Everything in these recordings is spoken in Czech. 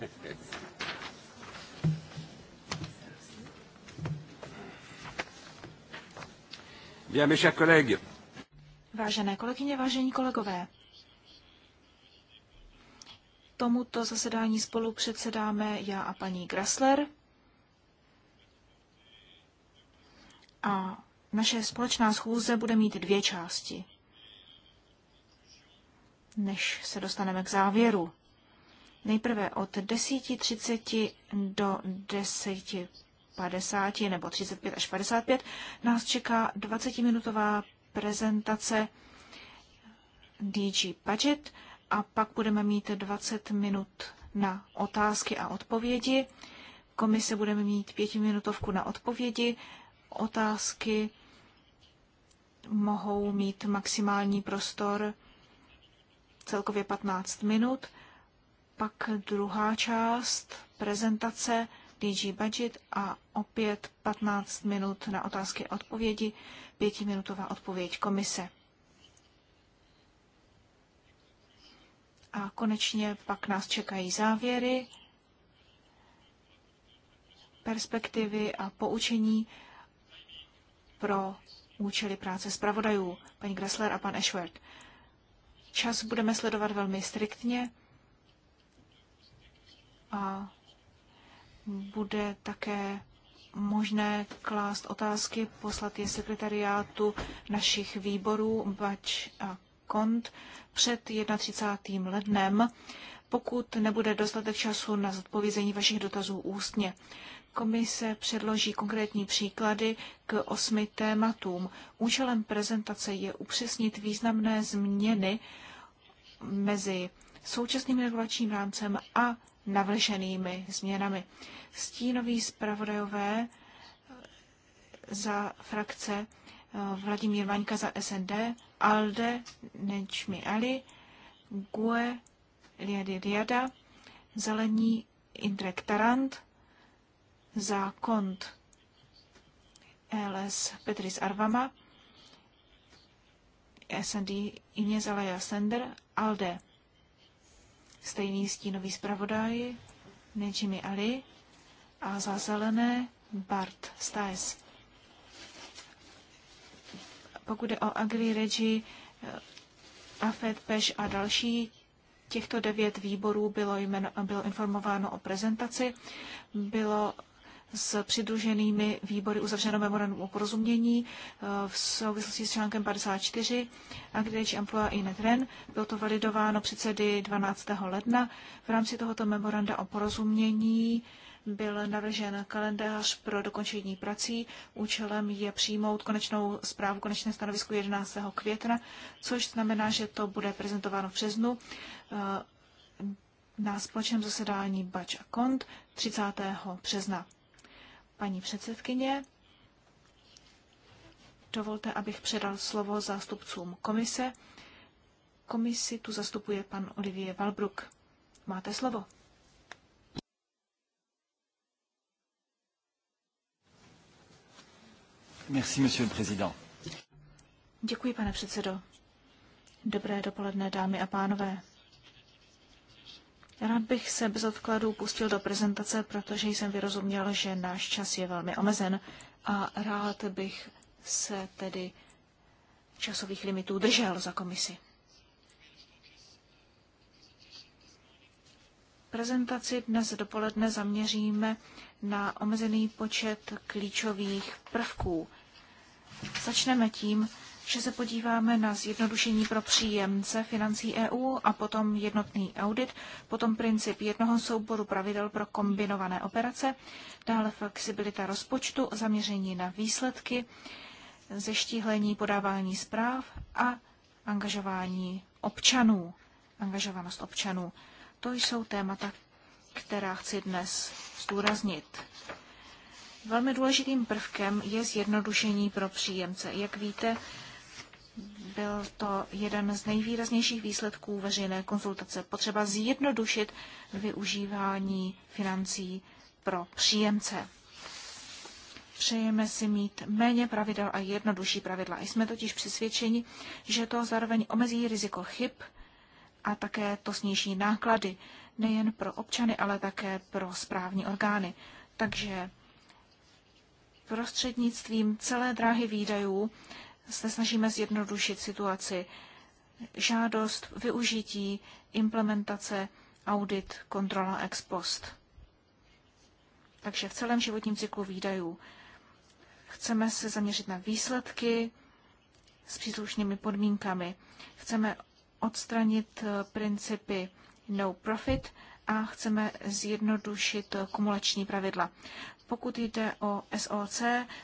Bien, mes chers collègues. Vážené kolegyně, vážení kolegové, tomuto zasedání spolu předsedáme já a paní Grassler. A naše společná schůze bude mít dvě části, než se dostaneme k závěru. Nejprve od 10.30 do 10.50 nebo 35 až 55 nás čeká 20-minutová prezentace DG Budget a pak budeme mít 20 minut na otázky a odpovědi. Komise budeme mít pětiminutovku na odpovědi. Otázky mohou mít maximální prostor celkově 15 minut pak druhá část prezentace DG Budget a opět 15 minut na otázky a odpovědi, pětiminutová odpověď komise. A konečně pak nás čekají závěry, perspektivy a poučení pro účely práce zpravodajů, paní Gressler a pan Ashworth. Čas budeme sledovat velmi striktně a bude také možné klást otázky, poslat je sekretariátu našich výborů BAČ a KONT před 31. lednem, pokud nebude dostatek času na zodpovězení vašich dotazů ústně. Komise předloží konkrétní příklady k osmi tématům. Účelem prezentace je upřesnit významné změny mezi současným regulačním rámcem a navrženými změnami. Stínoví zpravodajové za frakce eh, Vladimír Vaňka za SND, Alde Nečmi Ali, Gue Liady Riada, Zelení Indrek Tarant, za kont LS Petris Arvama, SND Inezalaya Sender, Alde stejný stínový zpravodaj Nejimi Ali a za zelené Bart Stais. Pokud je o Agri, Regi, eh, Afet, Peš a další, těchto devět výborů bylo, jmeno, bylo informováno o prezentaci. Bylo s přidruženými výbory uzavřeno memorandum o porozumění eh, v souvislosti s článkem 54 Anglič Amploa i Netren. Bylo to validováno předsedy 12. ledna. V rámci tohoto memoranda o porozumění byl navržen kalendář pro dokončení prací. Účelem je přijmout konečnou zprávu, konečné stanovisko 11. května, což znamená, že to bude prezentováno v březnu eh, na společném zasedání Bač a Kont 30. března. Paní předsedkyně, dovolte, abych předal slovo zástupcům komise. Komisi tu zastupuje pan Olivier Valbruk. Máte slovo. Merci, monsieur le président. Děkuji, pane předsedo. Dobré dopoledne, dámy a pánové. Rád bych se bez odkladů pustil do prezentace, protože jsem vyrozuměl, že náš čas je velmi omezen a rád bych se tedy časových limitů držel za komisi. Prezentaci dnes dopoledne zaměříme na omezený počet klíčových prvků. Začneme tím, že se podíváme na zjednodušení pro příjemce financí EU a potom jednotný audit, potom princip jednoho souboru pravidel pro kombinované operace, dále flexibilita rozpočtu, zaměření na výsledky, zeštíhlení podávání zpráv a angažování občanů, angažovanost občanů. To jsou témata, která chci dnes zdůraznit. Velmi důležitým prvkem je zjednodušení pro příjemce. Jak víte, byl to jeden z nejvýraznějších výsledků veřejné konzultace. Potřeba zjednodušit využívání financí pro příjemce. Přejeme si mít méně pravidel a jednodušší pravidla. Jsme totiž přesvědčeni, že to zároveň omezí riziko chyb a také to sníží náklady nejen pro občany, ale také pro správní orgány. Takže prostřednictvím celé dráhy výdajů se snažíme zjednodušit situaci. Žádost, využití, implementace, audit, kontrola ex post. Takže v celém životním cyklu výdajů chceme se zaměřit na výsledky s příslušnými podmínkami. Chceme odstranit eh, principy no profit a chceme zjednodušit eh, kumulační pravidla. Pokud jde o SOC,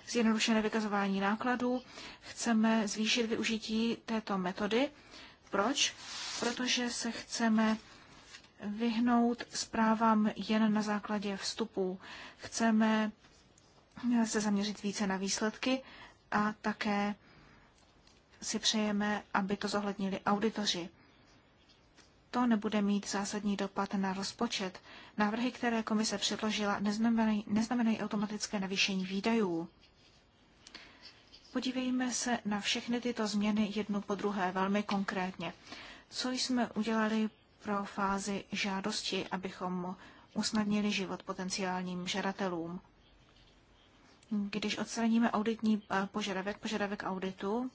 zjednodušené vykazování nákladů, chceme zvýšit využití této metody. Proč? Protože se chceme vyhnout zprávám jen na základě vstupů. Chceme se zaměřit více na výsledky a také si přejeme, aby to zohlednili auditoři to nebude mít zásadní dopad na rozpočet. Návrhy, které komise předložila, neznamenají, neznamenají automatické navýšení výdajů. Podívejme se na všechny tyto změny jednu po druhé velmi konkrétně. Co jsme udělali pro fázi žádosti, abychom usnadnili život potenciálním žadatelům? Když odstraníme auditní eh, požadavek, požadavek auditu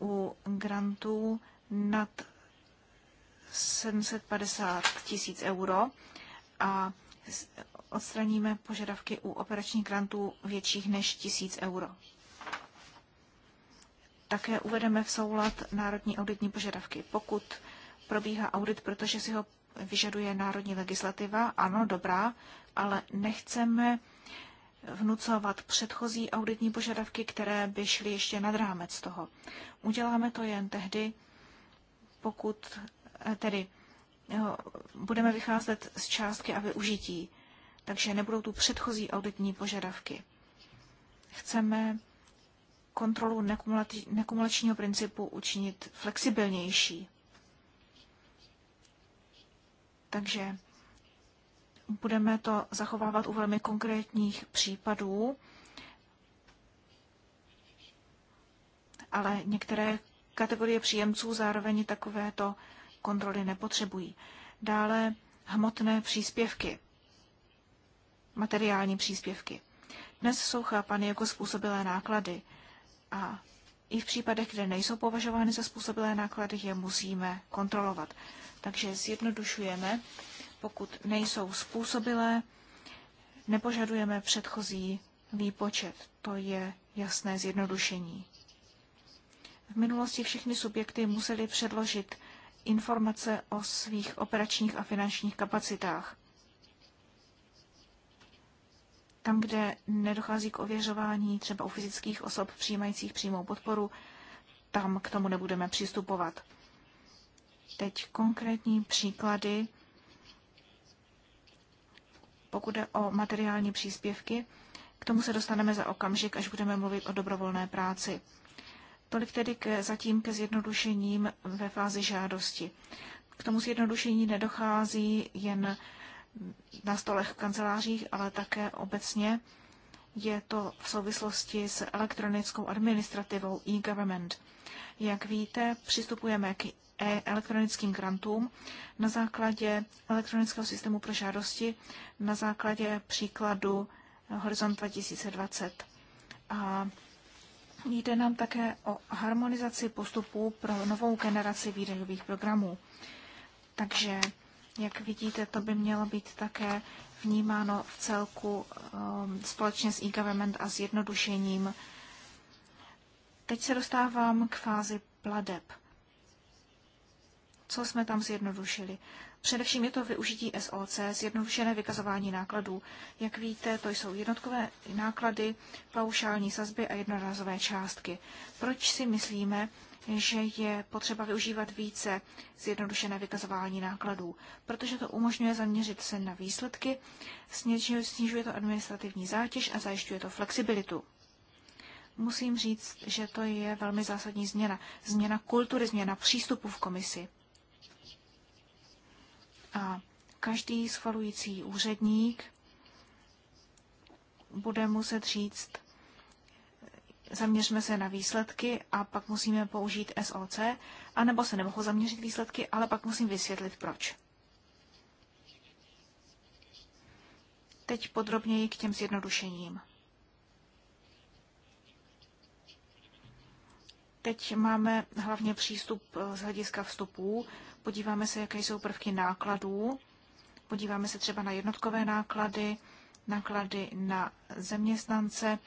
u grantů nad 750 tisíc euro a odstraníme požadavky u operačních grantů větších než 1000 euro. Také uvedeme v soulad národní auditní požadavky. Pokud probíhá audit, protože si ho vyžaduje národní legislativa, ano, dobrá, ale nechceme vnucovat předchozí auditní požadavky, které by šly ještě nad rámec toho. Uděláme to jen tehdy, pokud Tedy budeme vycházet z částky a využití, takže nebudou tu předchozí auditní požadavky. Chceme kontrolu nekumulačního principu učinit flexibilnější. Takže budeme to zachovávat u velmi konkrétních případů, ale některé kategorie příjemců zároveň takovéto kontroly nepotřebují. Dále hmotné příspěvky, materiální příspěvky. Dnes jsou chápány jako způsobilé náklady a i v případech, kde nejsou považovány za způsobilé náklady, je musíme kontrolovat. Takže zjednodušujeme, pokud nejsou způsobilé, nepožadujeme předchozí výpočet. To je jasné zjednodušení. V minulosti všechny subjekty museli předložit informace o svých operačních a finančních kapacitách. Tam, kde nedochází k ověřování třeba u fyzických osob přijímajících přímou podporu, tam k tomu nebudeme přistupovat. Teď konkrétní příklady, pokud jde o materiální příspěvky, k tomu se dostaneme za okamžik, až budeme mluvit o dobrovolné práci. Tolik tedy k, zatím ke zjednodušením ve fázi žádosti. K tomu zjednodušení nedochází jen na stolech v kancelářích, ale také obecně. Je to v souvislosti s elektronickou administrativou e-government. Jak víte, přistupujeme k e elektronickým grantům na základě elektronického systému pro žádosti, na základě příkladu Horizont 2020. A Jde nám také o harmonizaci postupů pro novou generaci výdajových programů. Takže, jak vidíte, to by mělo být také vnímáno v celku ehm, společně s e-government a zjednodušením. Teď se dostávám k fázi pladeb. Co jsme tam zjednodušili? Především je to využití SOC, zjednodušené vykazování nákladů. Jak víte, to jsou jednotkové náklady, paušální sazby a jednorázové částky. Proč si myslíme, že je potřeba využívat více zjednodušené vykazování nákladů, protože to umožňuje zaměřit se na výsledky, snižuje to administrativní zátěž a zajišťuje to flexibilitu. Musím říct, že to je velmi zásadní změna. Změna kultury, změna přístupu v komisi. A každý schvalující úředník bude muset říct, zaměřme se na výsledky a pak musíme použít SOC, anebo se nemohou zaměřit výsledky, ale pak musím vysvětlit proč. Teď podrobněji k těm zjednodušením. Teď máme hlavně přístup eh, z hlediska vstupů podíváme se, jaké jsou prvky nákladů, podíváme se třeba na jednotkové náklady, náklady na zaměstnance,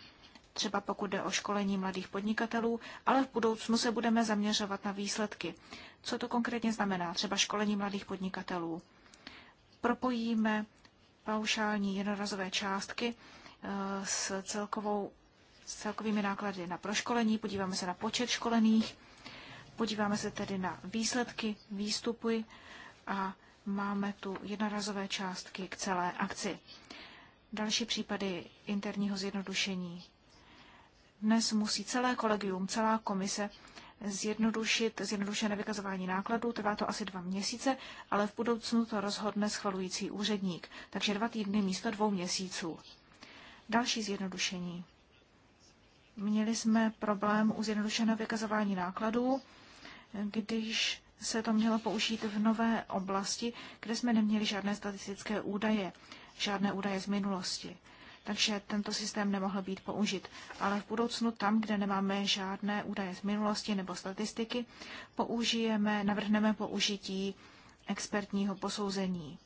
třeba pokud jde o školení mladých podnikatelů, ale v budoucnu se budeme zaměřovat na výsledky. Co to konkrétně znamená, třeba školení mladých podnikatelů? Propojíme paušální jednorazové částky eh, s, celkovou, s celkovými náklady na proškolení, podíváme se na počet školených, Podíváme se tedy na výsledky, výstupy a máme tu jednorazové částky k celé akci. Další případy interního zjednodušení. Dnes musí celé kolegium, celá komise zjednodušit zjednodušené vykazování nákladů. Trvá to asi dva měsíce, ale v budoucnu to rozhodne schvalující úředník, takže dva týdny místo dvou měsíců. Další zjednodušení. Měli jsme problém u zjednodušeného vykazování nákladů když se to mělo použít v nové oblasti, kde jsme neměli žádné statistické údaje, žádné údaje z minulosti. Takže tento systém nemohl být použit. Ale v budoucnu tam, kde nemáme žádné údaje z minulosti nebo statistiky, použijeme, navrhneme použití expertního posouzení.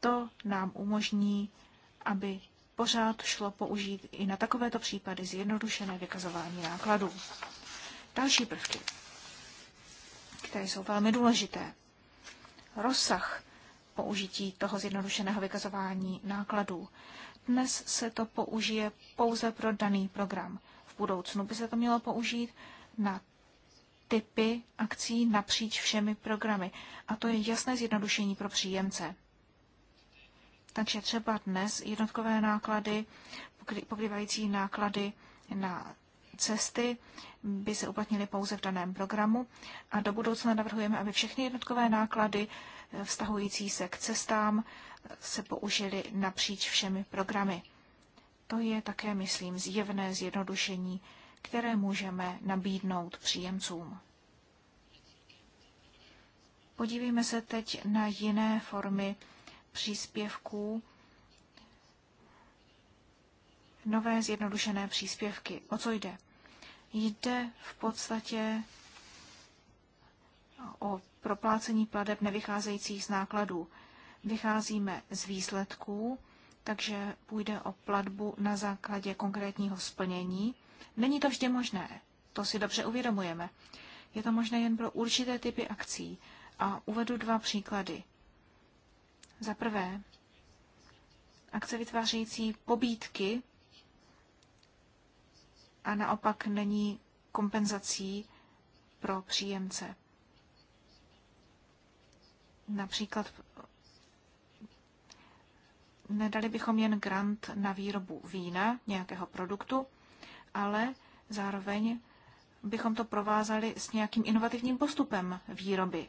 To nám umožní, aby pořád šlo použít i na takovéto případy zjednodušené vykazování nákladů. Další prvky které jsou velmi důležité. Rozsah použití toho zjednodušeného vykazování nákladů. Dnes se to použije pouze pro daný program. V budoucnu by se to mělo použít na typy akcí napříč všemi programy. A to je jasné zjednodušení pro příjemce. Takže třeba dnes jednotkové náklady, pokrývající náklady na cesty by se uplatnily pouze v daném programu a do budoucna navrhujeme, aby všechny jednotkové náklady eh, vztahující se k cestám eh, se použily napříč všemi programy. To je také, myslím, zjevné zjednodušení, které můžeme nabídnout příjemcům. Podívejme se teď na jiné formy příspěvků nové zjednodušené příspěvky. O co jde? Jde v podstatě o proplácení pladeb nevycházejících z nákladů. Vycházíme z výsledků, takže půjde o platbu na základě konkrétního splnění. Není to vždy možné, to si dobře uvědomujeme. Je to možné jen pro určité typy akcí a uvedu dva příklady. Za prvé, akce vytvářející pobídky a naopak není kompenzací pro příjemce. Například nedali bychom jen grant na výrobu vína, nějakého produktu, ale zároveň bychom to provázali s nějakým inovativním postupem výroby.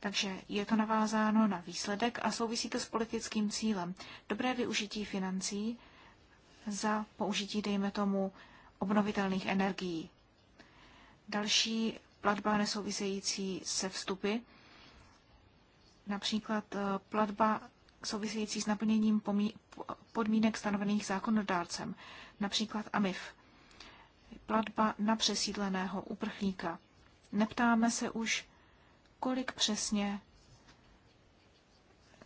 Takže je to navázáno na výsledek a souvisí to s politickým cílem. Dobré využití financí za použití, dejme tomu, obnovitelných energií. Další platba nesouvisející se vstupy, například eh, platba související s naplněním podmínek stanovených zákonodárcem, například AMIF, platba na přesídleného uprchlíka. Neptáme se už, kolik přesně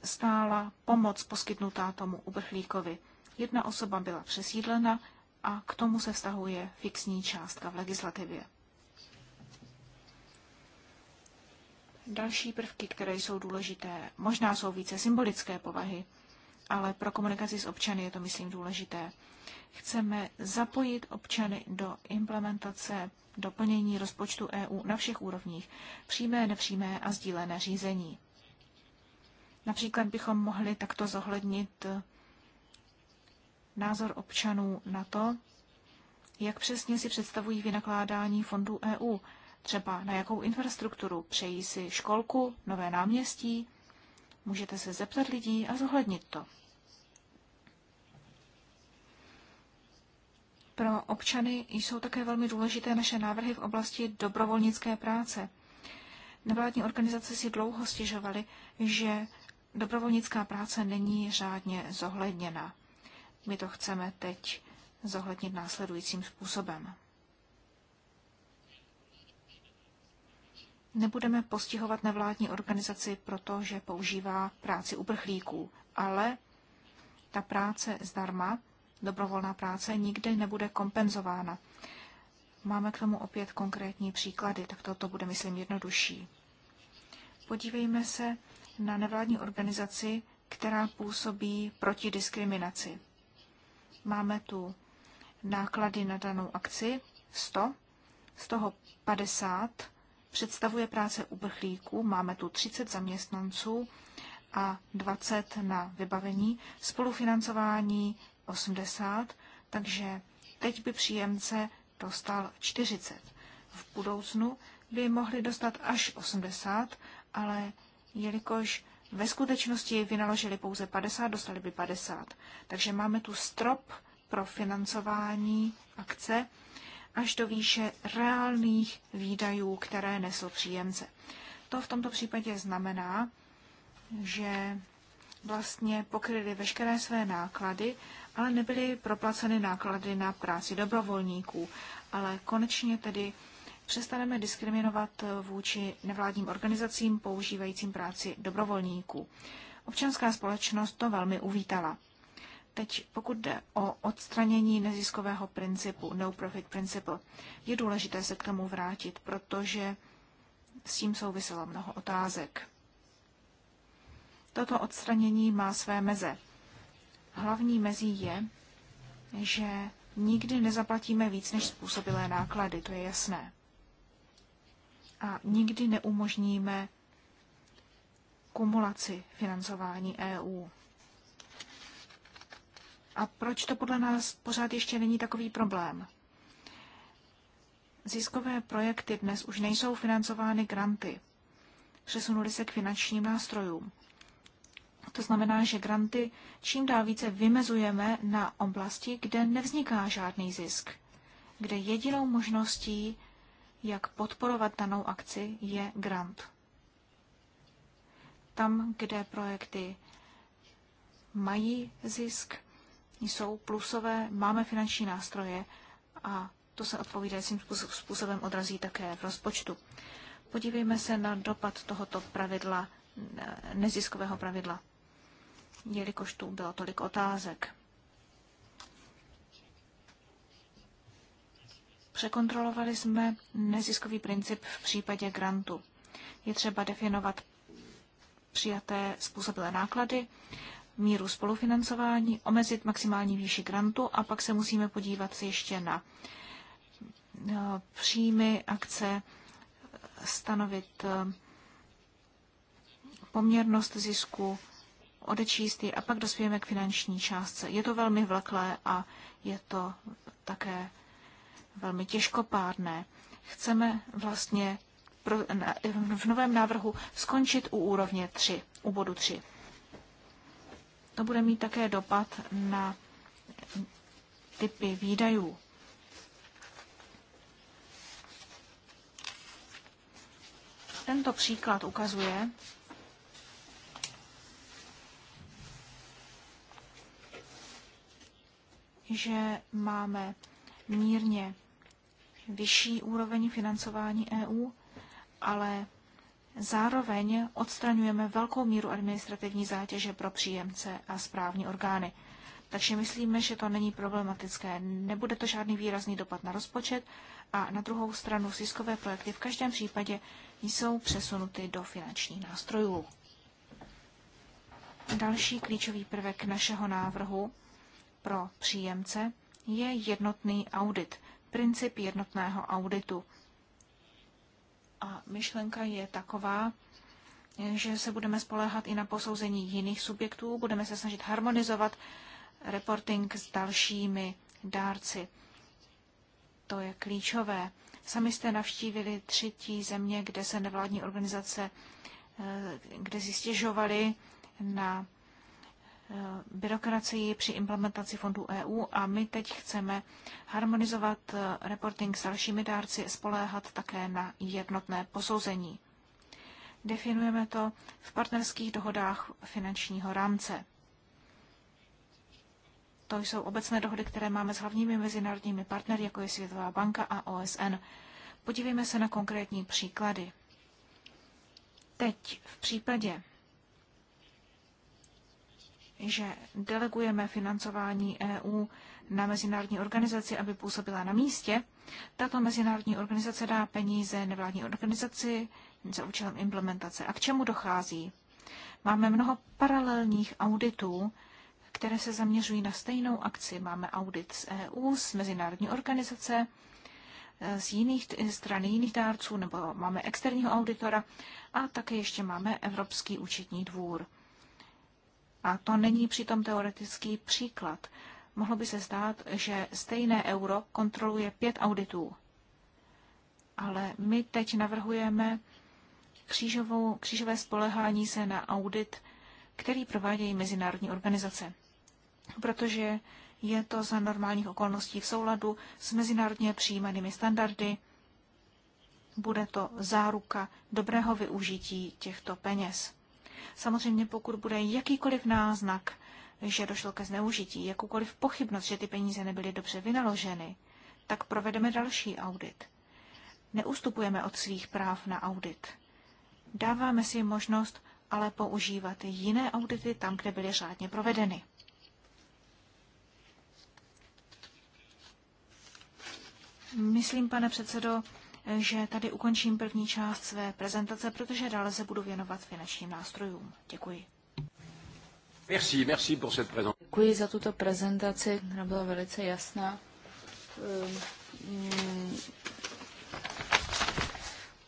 stála pomoc poskytnutá tomu uprchlíkovi. Jedna osoba byla přesídlena a k tomu se vztahuje fixní částka v legislativě. Další prvky, které jsou důležité, možná jsou více symbolické povahy, ale pro komunikaci s občany je to, myslím, důležité. Chceme zapojit občany do implementace doplnění rozpočtu EU na všech úrovních, přímé, nepřímé a sdílené řízení. Například bychom mohli takto zohlednit názor občanů na to, jak přesně si představují vynakládání fondů EU, třeba na jakou infrastrukturu přejí si školku, nové náměstí. Můžete se zeptat lidí a zohlednit to. Pro občany jsou také velmi důležité naše návrhy v oblasti dobrovolnické práce. Nevládní organizace si dlouho stěžovaly, že dobrovolnická práce není řádně zohledněna. My to chceme teď zohlednit následujícím způsobem. Nebudeme postihovat nevládní organizaci, protože používá práci uprchlíků, ale ta práce zdarma, dobrovolná práce, nikdy nebude kompenzována. Máme k tomu opět konkrétní příklady, tak toto bude, myslím, jednodušší. Podívejme se na nevládní organizaci, která působí proti diskriminaci. Máme tu náklady na danou akci 100, z toho 50 představuje práce uprchlíků, máme tu 30 zaměstnanců a 20 na vybavení, spolufinancování 80, takže teď by příjemce dostal 40. V budoucnu by mohli dostat až 80, ale jelikož ve skutečnosti vynaložili pouze 50, dostali by 50. Takže máme tu strop pro financování akce až do výše reálných výdajů, které nesl příjemce. To v tomto případě znamená, že vlastně pokryli veškeré své náklady, ale nebyly proplaceny náklady na práci dobrovolníků, ale konečně tedy přestaneme diskriminovat vůči nevládním organizacím používajícím práci dobrovolníků. Občanská společnost to velmi uvítala. Teď pokud jde o odstranění neziskového principu, no profit principle, je důležité se k tomu vrátit, protože s tím souviselo mnoho otázek. Toto odstranění má své meze. Hlavní mezí je, že nikdy nezaplatíme víc než způsobilé náklady, to je jasné a nikdy neumožníme kumulaci financování EU. A proč to podle nás pořád ještě není takový problém? Ziskové projekty dnes už nejsou financovány granty. Přesunuli se k finančním nástrojům. To znamená, že granty čím dál více vymezujeme na oblasti, kde nevzniká žádný zisk, kde jedinou možností jak podporovat danou akci, je grant. Tam, kde projekty mají zisk, jsou plusové, máme finanční nástroje a to se odpovídajícím způsobem odrazí také v rozpočtu. Podívejme se na dopad tohoto pravidla, neziskového pravidla, jelikož tu bylo tolik otázek. Překontrolovali jsme neziskový princip v případě grantu. Je třeba definovat přijaté způsobilé náklady, míru spolufinancování, omezit maximální výši grantu a pak se musíme podívat ještě na eh, příjmy akce, stanovit eh, poměrnost zisku, odečíst ji a pak dospějeme k finanční částce. Je to velmi vleklé a je to také velmi těžkopádné. Chceme vlastně pro, na, v novém návrhu skončit u úrovně 3, u bodu 3. To bude mít také dopad na typy výdajů. Tento příklad ukazuje, že máme mírně vyšší úroveň financování EU, ale zároveň odstraňujeme velkou míru administrativní zátěže pro příjemce a správní orgány. Takže myslíme, že to není problematické. Nebude to žádný výrazný dopad na rozpočet a na druhou stranu ziskové projekty v každém případě jsou přesunuty do finančních nástrojů. Další klíčový prvek našeho návrhu pro příjemce je jednotný audit, princip jednotného auditu. A myšlenka je taková, že se budeme spoléhat i na posouzení jiných subjektů, budeme se snažit harmonizovat reporting s dalšími dárci. To je klíčové. Sami jste navštívili třetí země, kde se nevládní organizace, eh, kde si stěžovali na Eh, byrokracii při implementaci fondů EU a my teď chceme harmonizovat eh, reporting s dalšími dárci, spoléhat také na jednotné posouzení. Definujeme to v partnerských dohodách finančního rámce. To jsou obecné dohody, které máme s hlavními mezinárodními partnery, jako je Světová banka a OSN. Podívejme se na konkrétní příklady. Teď v případě že delegujeme financování EU na mezinárodní organizaci, aby působila na místě. Tato mezinárodní organizace dá peníze nevládní organizaci za účelem implementace. A k čemu dochází? Máme mnoho paralelních auditů, které se zaměřují na stejnou akci. Máme audit z EU, z mezinárodní organizace, eh, z jiných eh, strany jiných dárců, nebo máme externího auditora a také ještě máme Evropský účetní dvůr. A to není přitom teoretický příklad. Mohlo by se zdát, že stejné euro kontroluje pět auditů. Ale my teď navrhujeme křížovou, křížové spolehání se na audit, který provádějí mezinárodní organizace. Protože je to za normálních okolností v souladu s mezinárodně přijímanými standardy. Bude to záruka dobrého využití těchto peněz. Samozřejmě pokud bude jakýkoliv náznak, že došlo ke zneužití, jakoukoliv pochybnost, že ty peníze nebyly dobře vynaloženy, tak provedeme další audit. Neustupujeme od svých práv na audit. Dáváme si možnost ale používat jiné audity tam, kde byly řádně provedeny. Myslím, pane předsedo, že tady ukončím první část své prezentace, protože dále se budu věnovat finančním nástrojům. Děkuji. Merci, merci pour cette présence. Děkuji za tuto prezentaci, která byla velice jasná. Ehm, mm,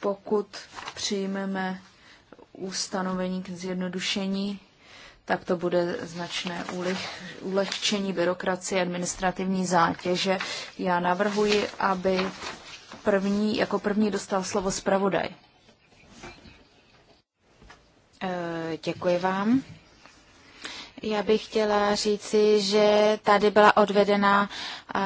pokud přijmeme ustanovení k zjednodušení, tak to bude značné ulehčení byrokracie, administrativní zátěže. Já navrhuji, aby První, jako první dostal slovo zpravodaj. Eh, děkuji vám. Já bych chtěla říci, že tady byla odvedena eh,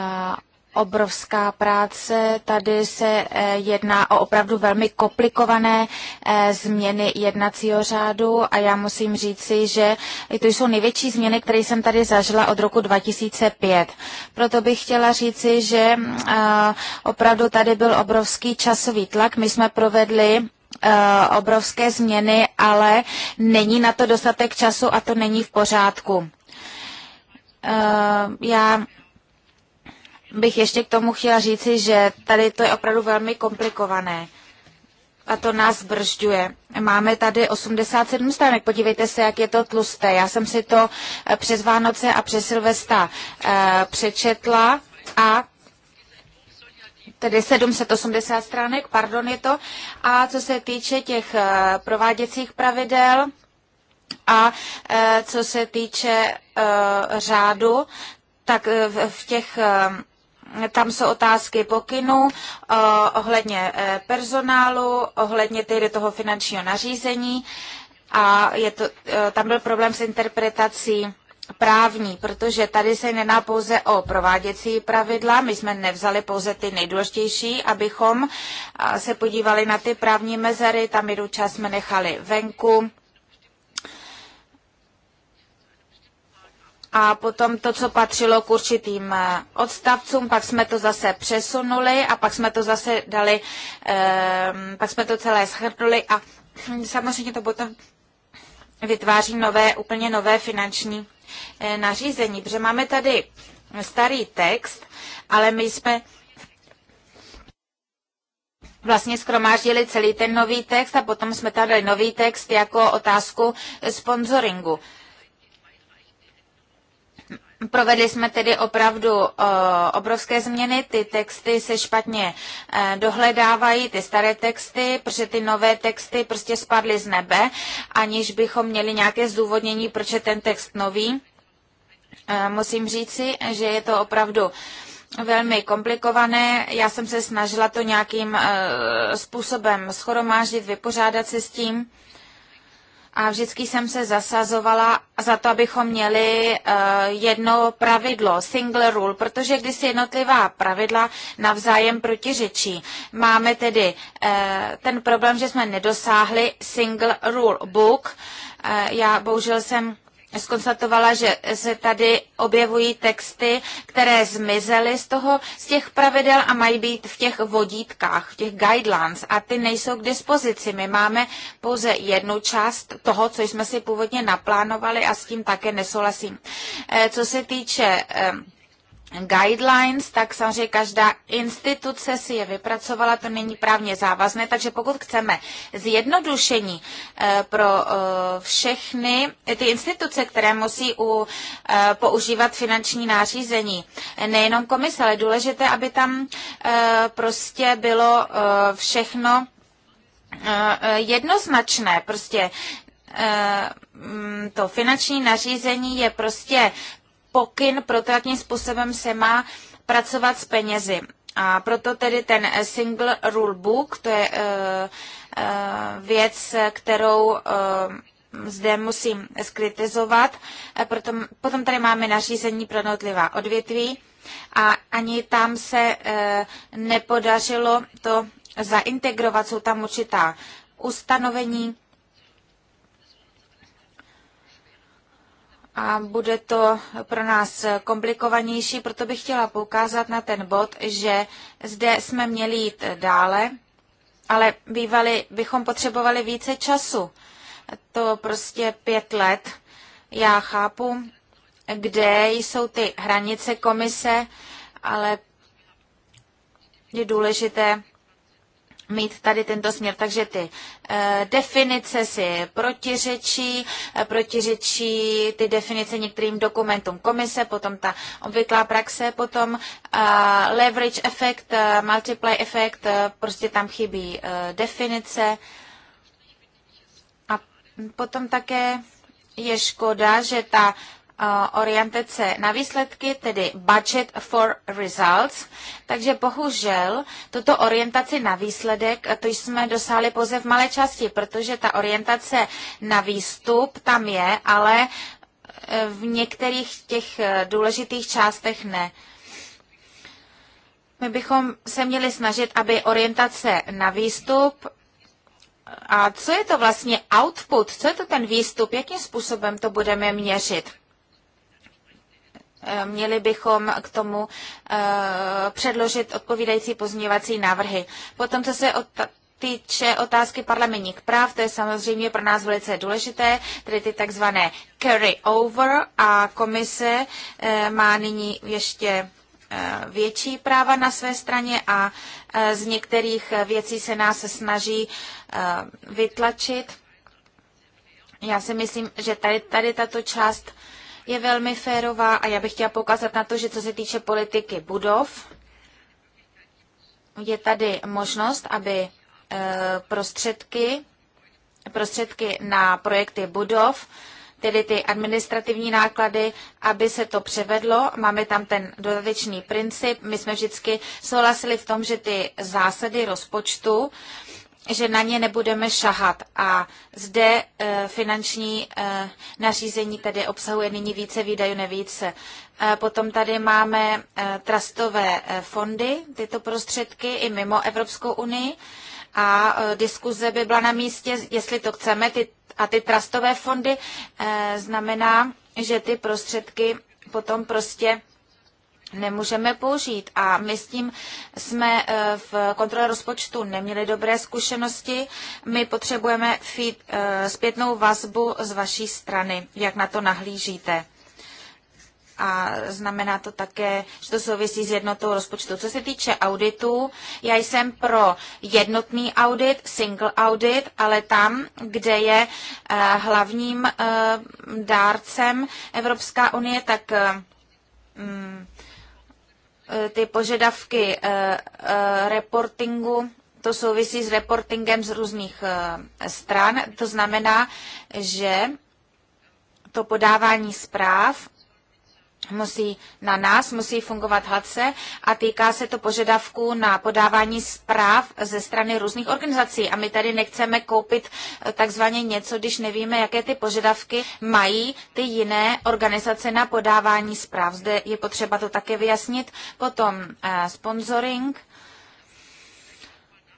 obrovská práce. Tady se eh, jedná o opravdu velmi komplikované eh, změny jednacího řádu a já musím říci, že to jsou největší změny, které jsem tady zažila od roku 2005. Proto bych chtěla říci, že eh, opravdu tady byl obrovský časový tlak. My jsme provedli obrovské změny, ale není na to dostatek času a to není v pořádku. Já bych ještě k tomu chtěla říci, že tady to je opravdu velmi komplikované. A to nás bržďuje. Máme tady 87 stránek, podívejte se, jak je to tlusté. Já jsem si to eh, přes Vánoce a přes Silvesta eh, přečetla a tedy 780 stránek, pardon je to. A co se týče těch eh, prováděcích pravidel a co se týče řádu, tak v těch tam jsou otázky pokynů eh, ohledně eh, personálu, ohledně tedy toho finančního nařízení a je to, eh, tam byl problém s interpretací právní, protože tady se nená pouze o prováděcí pravidla, my jsme nevzali pouze ty nejdůležitější, abychom se podívali na ty právní mezery, tam jednu část jsme nechali venku a potom to, co patřilo k určitým eh, odstavcům, pak jsme to zase přesunuli a pak jsme to zase dali, ehm, pak jsme to celé schrnuli a hm, samozřejmě to potom vytváří nové, úplně nové finanční eh, nařízení, protože máme tady starý text, ale my jsme vlastně skromáždili celý ten nový text a potom jsme tady nový text jako otázku sponsoringu. Provedli jsme tedy opravdu eh, obrovské změny, ty texty se špatně eh, dohledávají, ty staré texty, protože ty nové texty prostě spadly z nebe, aniž bychom měli nějaké zdůvodnění, proč je ten text nový. Eh, musím říci, že je to opravdu velmi komplikované. Já jsem se snažila to nějakým způsobem schromáždit, vypořádat se s tím a vždycky jsem se zasazovala za to, abychom měli eh, jedno pravidlo, single rule, protože když si jednotlivá pravidla navzájem protiřečí, máme tedy eh, ten problém, že jsme nedosáhli single rule book. Eh, já bohužel jsem skonstatovala, že se tady objevují texty, které zmizely z toho, z těch pravidel a mají být v těch vodítkách, v těch guidelines a ty nejsou k dispozici. My máme pouze jednu část toho, co jsme si původně naplánovali a s tím také nesouhlasím. Eh, co se týče eh, guidelines, tak samozřejmě každá instituce si je vypracovala, to není právně závazné, takže pokud chceme zjednodušení eh, pro eh, všechny ty instituce, které musí u, eh, používat finanční nářízení, nejenom komise, ale důležité, aby tam prostě bylo všechno jednoznačné, prostě mm, to finanční nařízení je prostě pokyn pro to, jakým způsobem se má pracovat s penězi. A proto tedy ten eh, single rule book, to je eh, eh, věc, kterou zde musím skritizovat. Potom, potom tady máme nařízení pro notlivá odvětví a ani tam se nepodařilo to zaintegrovat. Jsou tam určitá ustanovení, a bude to pro nás komplikovanější, proto bych chtěla poukázat na ten bod, že zde jsme měli jít dále, ale bývali, bychom potřebovali více času. To prostě pět let. Já chápu, kde jsou ty hranice komise, ale je důležité, mít tady tento směr. Takže ty e, definice si protiřečí, e, protiřečí ty definice některým dokumentům komise, potom ta obvyklá praxe, potom e, leverage efekt, e, multiply efekt, e, prostě tam chybí e, definice. A potom také je škoda, že ta Eh, orientace na výsledky, tedy budget for results. Takže bohužel tuto orientaci na výsledek, eh, to jsme dosáhli pouze v malé části, protože ta orientace na výstup tam je, ale eh, v některých těch důležitých částech ne. My bychom se měli snažit, aby orientace na výstup a co je to vlastně output, co je to ten výstup, jakým způsobem to budeme měřit. Eh, měli bychom k tomu eh, předložit odpovídající pozměňovací návrhy. Potom, co se od týče otázky parlamentních práv, to je samozřejmě pro nás velice důležité, tedy ty takzvané carry over a komise eh, má nyní ještě větší práva na své straně a z některých věcí se nás snaží vytlačit. Já si myslím, že tady, tady tato část je velmi férová a já bych chtěla poukázat na to, že co se týče politiky budov, je tady možnost, aby eh, prostředky, prostředky na projekty budov, tedy ty administrativní náklady, aby se to převedlo. Máme tam ten dodatečný princip. My jsme vždycky souhlasili v tom, že ty zásady rozpočtu, že na ně nebudeme šahat. A zde eh, finanční eh, nařízení tedy obsahuje nyní více výdajů, nevíce. Eh, potom tady máme trastové fondy, tyto prostředky i mimo Evropskou unii. A diskuze by byla na místě, jestli to chceme. Ty, a ty trastové fondy znamená, že ty prostředky potom prostě nemůžeme použít. A my s tím jsme eh, v kontrole rozpočtu neměli dobré zkušenosti. My potřebujeme feed, eh, zpětnou vazbu z vaší strany, jak na to nahlížíte. A znamená to také, že to souvisí s jednotou rozpočtu. Co se týče auditu, já jsem pro jednotný audit, single audit, ale tam, kde je eh, hlavním dárcem Evropská unie, tak mm, Eh, ty požadavky eh, eh, reportingu, to souvisí s reportingem z různých stran. To znamená, že to podávání zpráv musí na nás, musí fungovat HACE a týká se to požadavku na podávání zpráv ze strany různých organizací. A my tady nechceme koupit eh, takzvaně něco, když nevíme, jaké ty požadavky mají ty jiné organizace na podávání zpráv. Zde je potřeba to také vyjasnit. Potom eh, sponsoring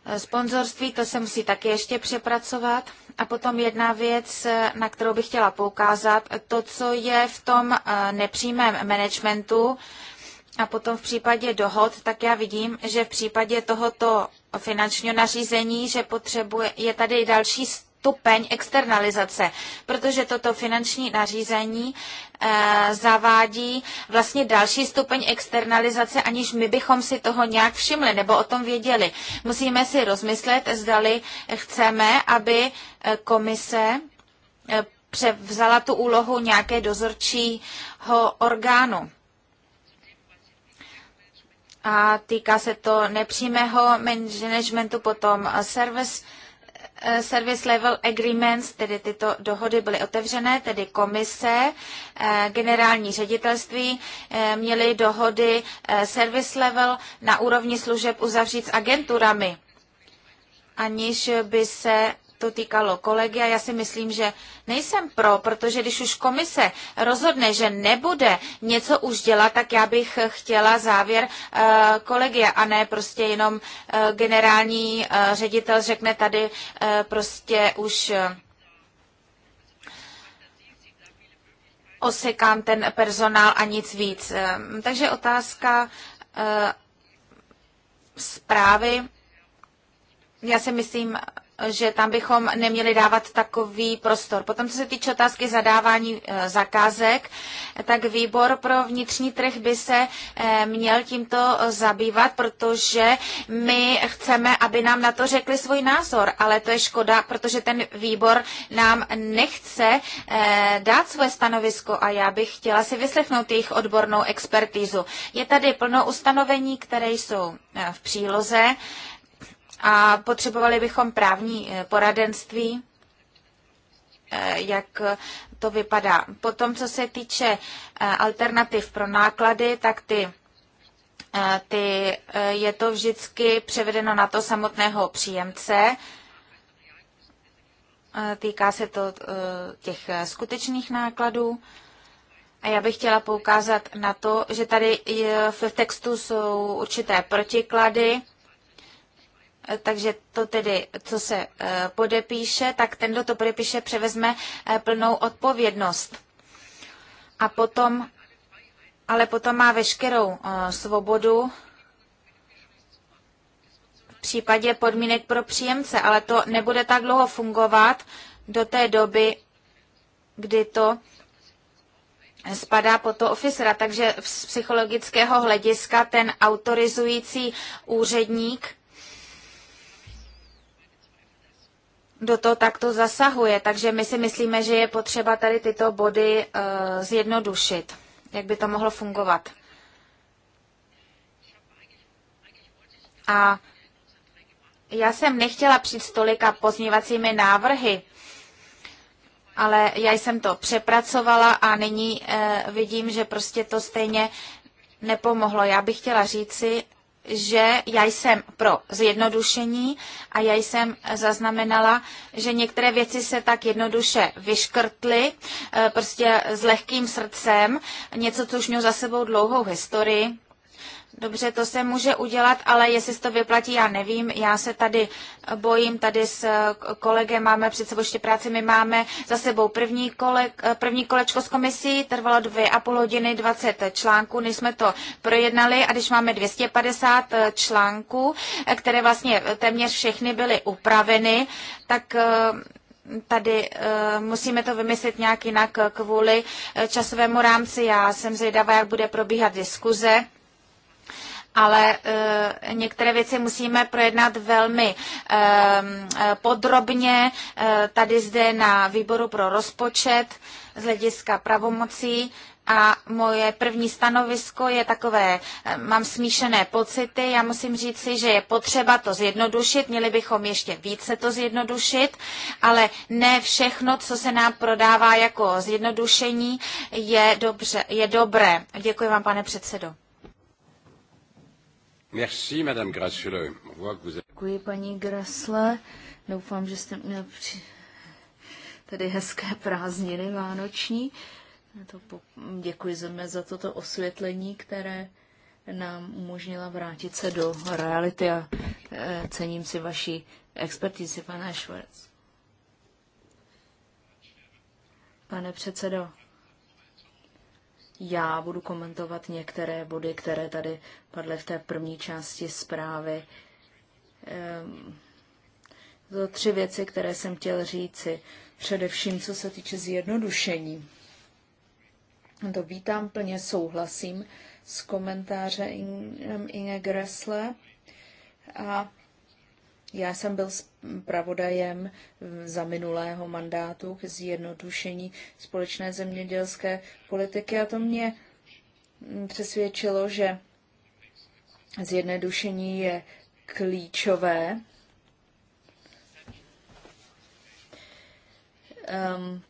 Eh, sponzorství, to se musí taky ještě přepracovat. A potom jedna věc, eh, na kterou bych chtěla poukázat, to, co je v tom eh, nepřímém managementu a potom v případě dohod, tak já vidím, že v případě tohoto finančního nařízení, že potřebuje, je tady další stupeň externalizace, protože toto finanční nařízení eh, zavádí vlastně další stupeň externalizace, aniž my bychom si toho nějak všimli nebo o tom věděli. Musíme si rozmyslet, zdali chceme, aby eh, komise eh, převzala tu úlohu nějaké dozorčího orgánu. A týká se to nepřímého managementu, potom service Eh, service Level Agreements, tedy tyto dohody byly otevřené, tedy komise, eh, generální ředitelství eh, měly dohody Service Level na úrovni služeb uzavřít s agenturami aniž by se to týkalo kolegy a já si myslím, že nejsem pro, protože když už komise rozhodne, že nebude něco už dělat, tak já bych chtěla závěr eh, kolegy a ne prostě jenom eh, generální eh, ředitel řekne tady prostě už osekám ten personál a nic víc. Takže otázka zprávy. Já si myslím, že tam bychom neměli dávat takový prostor. Potom, co se týče otázky zadávání eh, zakázek, tak výbor pro vnitřní trh by se eh, měl tímto eh, zabývat, protože my chceme, aby nám na to řekli svůj názor, ale to je škoda, protože ten výbor nám nechce dát svoje stanovisko a já bych chtěla si vyslechnout jejich odbornou expertízu. Je tady plno ustanovení, které jsou v příloze a potřebovali bychom právní eh, poradenství, eh, jak eh, to vypadá. Potom, co se týče alternativ pro náklady, tak ty ty, je to vždycky převedeno na to samotného příjemce. Týká se to těch skutečných nákladů. A já bych chtěla poukázat na to, že tady v textu jsou určité protiklady Eh, takže to tedy, co se eh, podepíše, tak ten, kdo to podepíše, převezme eh, plnou odpovědnost. A potom, ale potom má veškerou svobodu v případě podmínek pro příjemce, ale to nebude tak dlouho fungovat do té doby, kdy to spadá pod to oficera. Takže z psychologického hlediska ten autorizující úředník do toho takto zasahuje, takže my si myslíme, že je potřeba tady tyto body uh, zjednodušit. Jak by to mohlo fungovat? A já jsem nechtěla přijít s tolika pozměvacími návrhy, ale já jsem to přepracovala a nyní uh, vidím, že prostě to stejně nepomohlo. Já bych chtěla říci, že já jsem pro zjednodušení a já jsem zaznamenala, že některé věci se tak jednoduše vyškrtly, eh, prostě s lehkým srdcem, něco, co už mělo za sebou dlouhou historii Dobře, to se může udělat, ale jestli se to vyplatí, já nevím. Já se tady bojím, tady s kolegem máme před sebou ještě práci. My máme za sebou první, kole, první kolečko s komisí, trvalo dvě a půl hodiny 20 článků, než jsme to projednali a když máme 250 článků, které vlastně téměř všechny byly upraveny, tak eh, tady uh, musíme to vymyslet nějak jinak kvůli eh, časovému rámci. Já jsem zvědavá, jak bude probíhat diskuze ale e, některé věci musíme projednat velmi e, podrobně e, tady zde na výboru pro rozpočet z hlediska pravomocí. A moje první stanovisko je takové, mám smíšené pocity, já musím říct si, že je potřeba to zjednodušit, měli bychom ještě více to zjednodušit, ale ne všechno, co se nám prodává jako zjednodušení, je, dobře, je dobré. Děkuji vám, pane předsedo. Děkuji, paní Grasle. Doufám, že jste měl při... tady hezké prázdniny vánoční. To po... Děkuji země za toto osvětlení, které nám umožnila vrátit se do reality a eh, cením si vaší expertízy, pane Švarc. Pane předsedo, já budu komentovat některé body, které tady padly v té první části zprávy. Ehm, to tři věci, které jsem chtěl říci. Především, co se týče zjednodušení. To vítám, plně souhlasím s komentářem Inge Gressle. A já jsem byl pravodajem za minulého mandátu k zjednodušení společné zemědělské politiky a to mě přesvědčilo, že zjednodušení je klíčové. Um,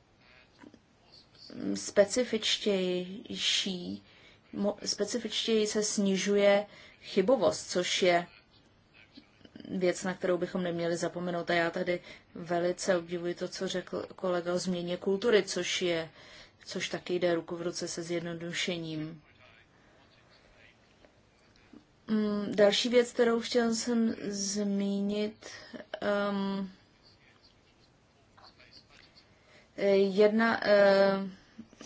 specifičtější, specifičtěji se snižuje chybovost, což je věc, na kterou bychom neměli zapomenout. A já tady velice obdivuji to, co řekl kolega o změně kultury, což je, což taky jde ruku v ruce se zjednodušením. Mm, další věc, kterou chtěl jsem zmínit, um, jedna uh,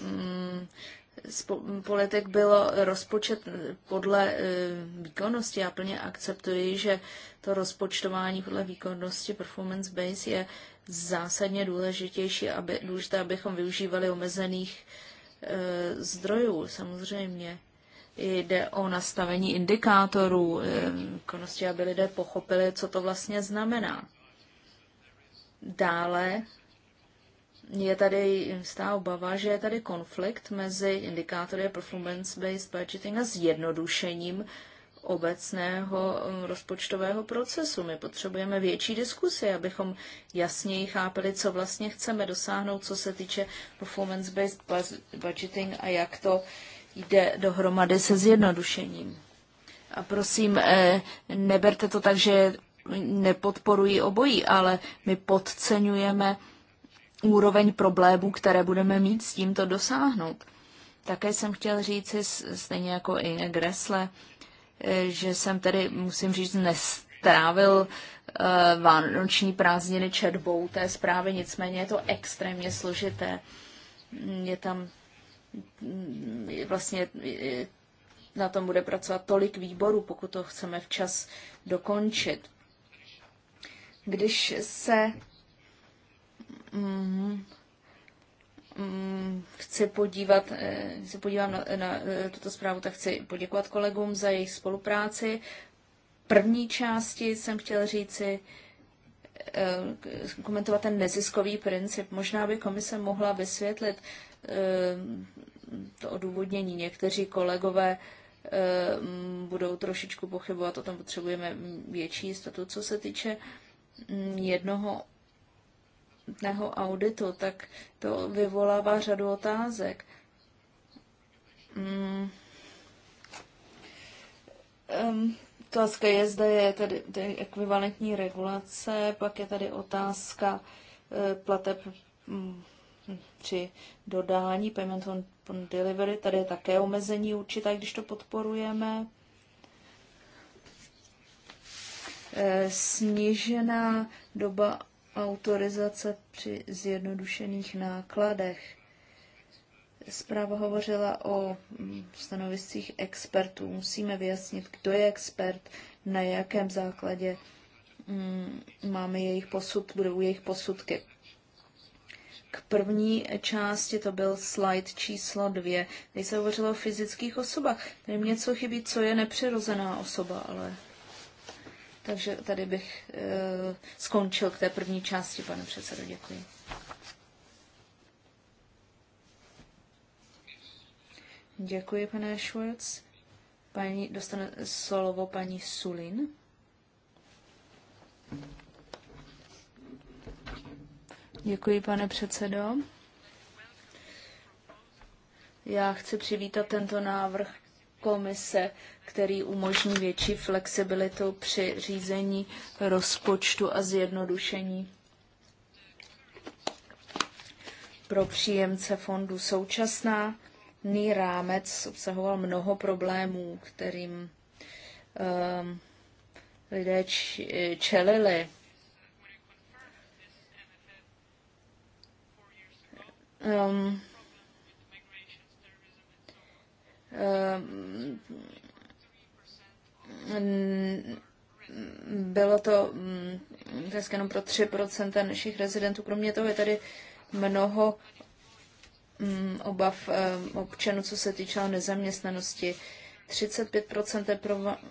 um, letech bylo rozpočet podle e, výkonnosti. Já plně akceptuji, že to rozpočtování podle výkonnosti performance base je zásadně důležitější, aby, důležité, abychom využívali omezených e, zdrojů. Samozřejmě jde o nastavení indikátorů e, výkonnosti, aby lidé pochopili, co to vlastně znamená. Dále je tady stá obava, že je tady konflikt mezi indikátory performance-based budgeting a zjednodušením obecného um, rozpočtového procesu. My potřebujeme větší diskusy, abychom jasněji chápili, co vlastně chceme dosáhnout, co se týče performance-based budgeting a jak to jde dohromady se zjednodušením. A prosím, eh, neberte to tak, že nepodporují obojí, ale my podceňujeme úroveň problémů, které budeme mít s tímto dosáhnout. Také jsem chtěl říci, stejně jako i Gressle, eh, že jsem tedy, musím říct, nestrávil eh, vánoční prázdniny četbou té zprávy, nicméně je to extrémně složité. Je tam mm, vlastně na tom bude pracovat tolik výborů, pokud to chceme včas dokončit. Když se mm, mm, chci podívat, se eh, podívám na, na eh, tuto zprávu, tak chci poděkovat kolegům za jejich spolupráci. První části jsem chtěl říci, eh, komentovat ten neziskový princip. Možná by komise mohla vysvětlit to odůvodnění. Někteří kolegové budou trošičku pochybovat, o tom potřebujeme větší jistotu. Co se týče mm, jednoho samotného auditu, tak to vyvolává řadu otázek. Mm. Um, otázka je, zda je tady, tady ekvivalentní regulace, pak je tady otázka uh, plateb mm, při dodání, payment on, on delivery, tady je také omezení určitá, když to podporujeme. E, snížená doba autorizace při zjednodušených nákladech. Zpráva hovořila o mm, stanoviscích expertů. Musíme vyjasnit, kdo je expert, na jakém základě mm, máme jejich posud, budou jejich posudky. K první části to byl slide číslo dvě, kde se hovořilo o fyzických osobách. Tady mě něco chybí, co je nepřirozená osoba, ale takže tady bych e, skončil k té první části, pane předsedo. Děkuji. Děkuji, pane Schwartz. Paní, dostane slovo paní Sulin. Děkuji, pane předsedo. Já chci přivítat tento návrh komise, který umožní větší flexibilitu při řízení rozpočtu a zjednodušení pro příjemce fondu. SoučasnáNý rámec obsahoval mnoho problémů, kterým um, lidé čelili. Um, Ehm, bylo to dneska mm, jenom pro 3% našich rezidentů. Kromě toho je tady mnoho mm, obav ehm, občanů, co se týče nezaměstnanosti. 35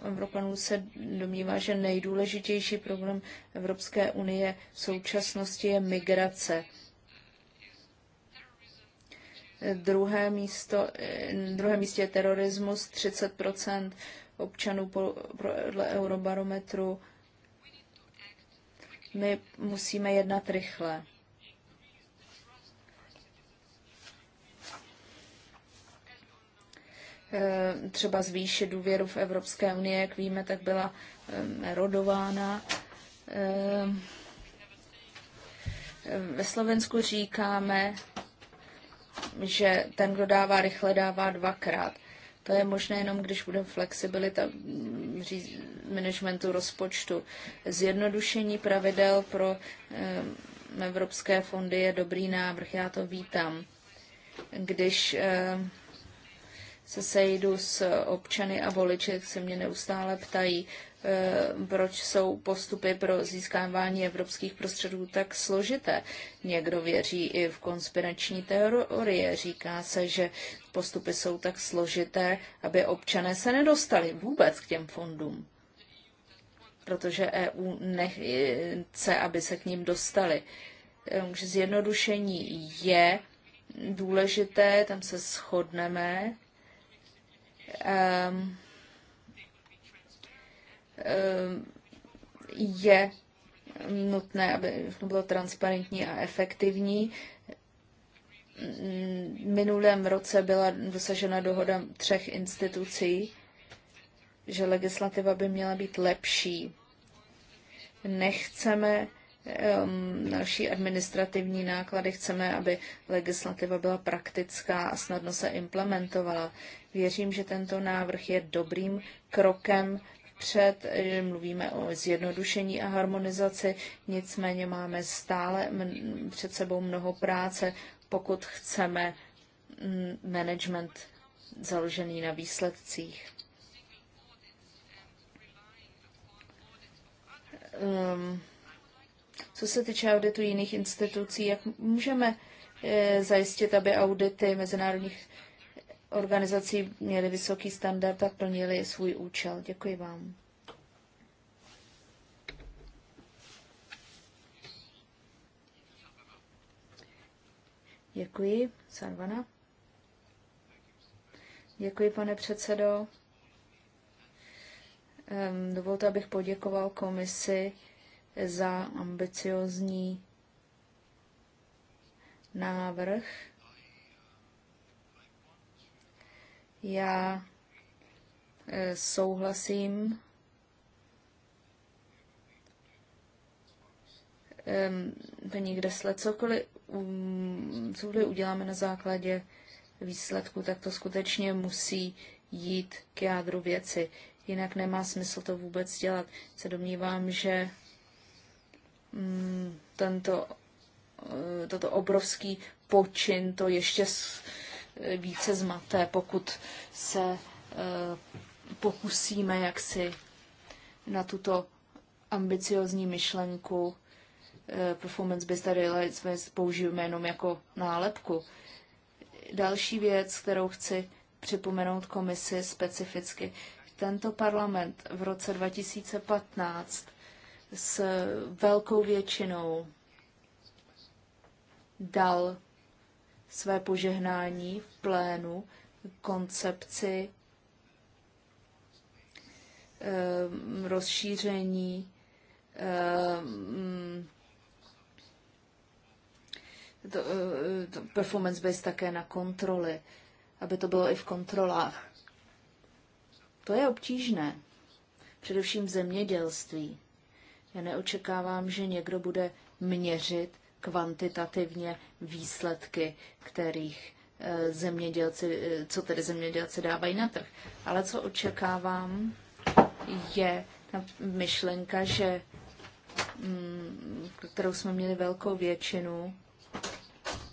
Evropanů se domnívá, že nejdůležitější problém Evropské unie v současnosti je migrace. Druhé místo, eh, druhé místě je terorismus, 30 občanů podle eurobarometru. My musíme jednat rychle. Eh, třeba zvýšit důvěru v Evropské unie, jak víme, tak byla eh, erodována. Ve Slovensku říkáme, že ten, kdo dává rychle, dává dvakrát. To je možné jenom, když bude flexibilita managementu rozpočtu. Zjednodušení pravidel pro eh, evropské fondy je dobrý návrh, já to vítám. Když eh, se sejdu s občany a voliči, se mě neustále ptají, Eh, proč jsou postupy pro získávání evropských prostředků tak složité. Někdo věří i v konspirační teorie. Říká se, že postupy jsou tak složité, aby občané se nedostali vůbec k těm fondům, protože EU nechce, aby se k ním dostali. Takže eh, zjednodušení je důležité, tam se shodneme. Um, Eh, je nutné, aby všechno bylo transparentní a efektivní. Mm, minulém roce byla dosažena dohoda třech institucí, že legislativa by měla být lepší. Nechceme um, další administrativní náklady, chceme, aby legislativa byla praktická a snadno se implementovala. Věřím, že tento návrh je dobrým krokem před, že mluvíme o zjednodušení a harmonizaci, nicméně máme stále před sebou mnoho práce, pokud chceme mm, management založený na výsledcích. Um, co se týče auditu jiných institucí, jak můžeme e, zajistit, aby audity mezinárodních organizací měly vysoký standard a plnili svůj účel. Děkuji vám. Děkuji, Sarvana. Děkuji, pane předsedo. Ehm, dovolte, abych poděkoval komisi za ambiciozní návrh Já eh, souhlasím ehm, někde sled cokoliv, mm, cokoliv uděláme na základě výsledku, tak to skutečně musí jít k jádru věci. Jinak nemá smysl to vůbec dělat. Se domnívám, že mm, tento, eh, toto obrovský počin to ještě více zmaté, pokud se eh, pokusíme jaksi na tuto ambiciozní myšlenku eh, performance by tady použijeme jenom jako nálepku. Další věc, kterou chci připomenout komisi specificky. Tento parlament v roce 2015 s velkou většinou dal své požehnání v plénu koncepci eh, rozšíření eh, eh, performance based také na kontroly, aby to bylo i v kontrolách. To je obtížné, především v zemědělství. Já neočekávám, že někdo bude měřit kvantitativně výsledky, kterých eh, zemědělci, eh, co tedy zemědělci dávají na trh. Ale co očekávám, je ta myšlenka, že mm, kterou jsme měli velkou většinu,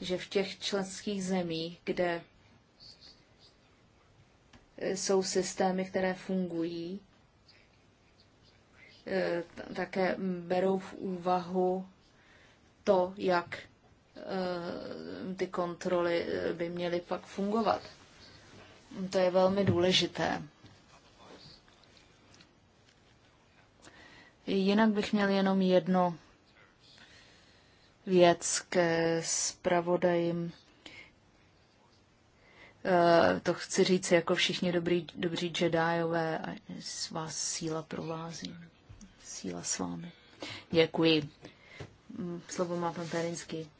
že v těch členských zemích, kde eh, jsou systémy, které fungují, také berou v úvahu to, jak eh, ty kontroly eh, by měly pak fungovat. To je velmi důležité. Jinak bych měl jenom jedno věc ke zpravodajím. Eh, to chci říct jako všichni dobrý, dobří džedájové a vás síla provází. Síla s vámi. Děkuji. Mm, slovo má pan Perinský.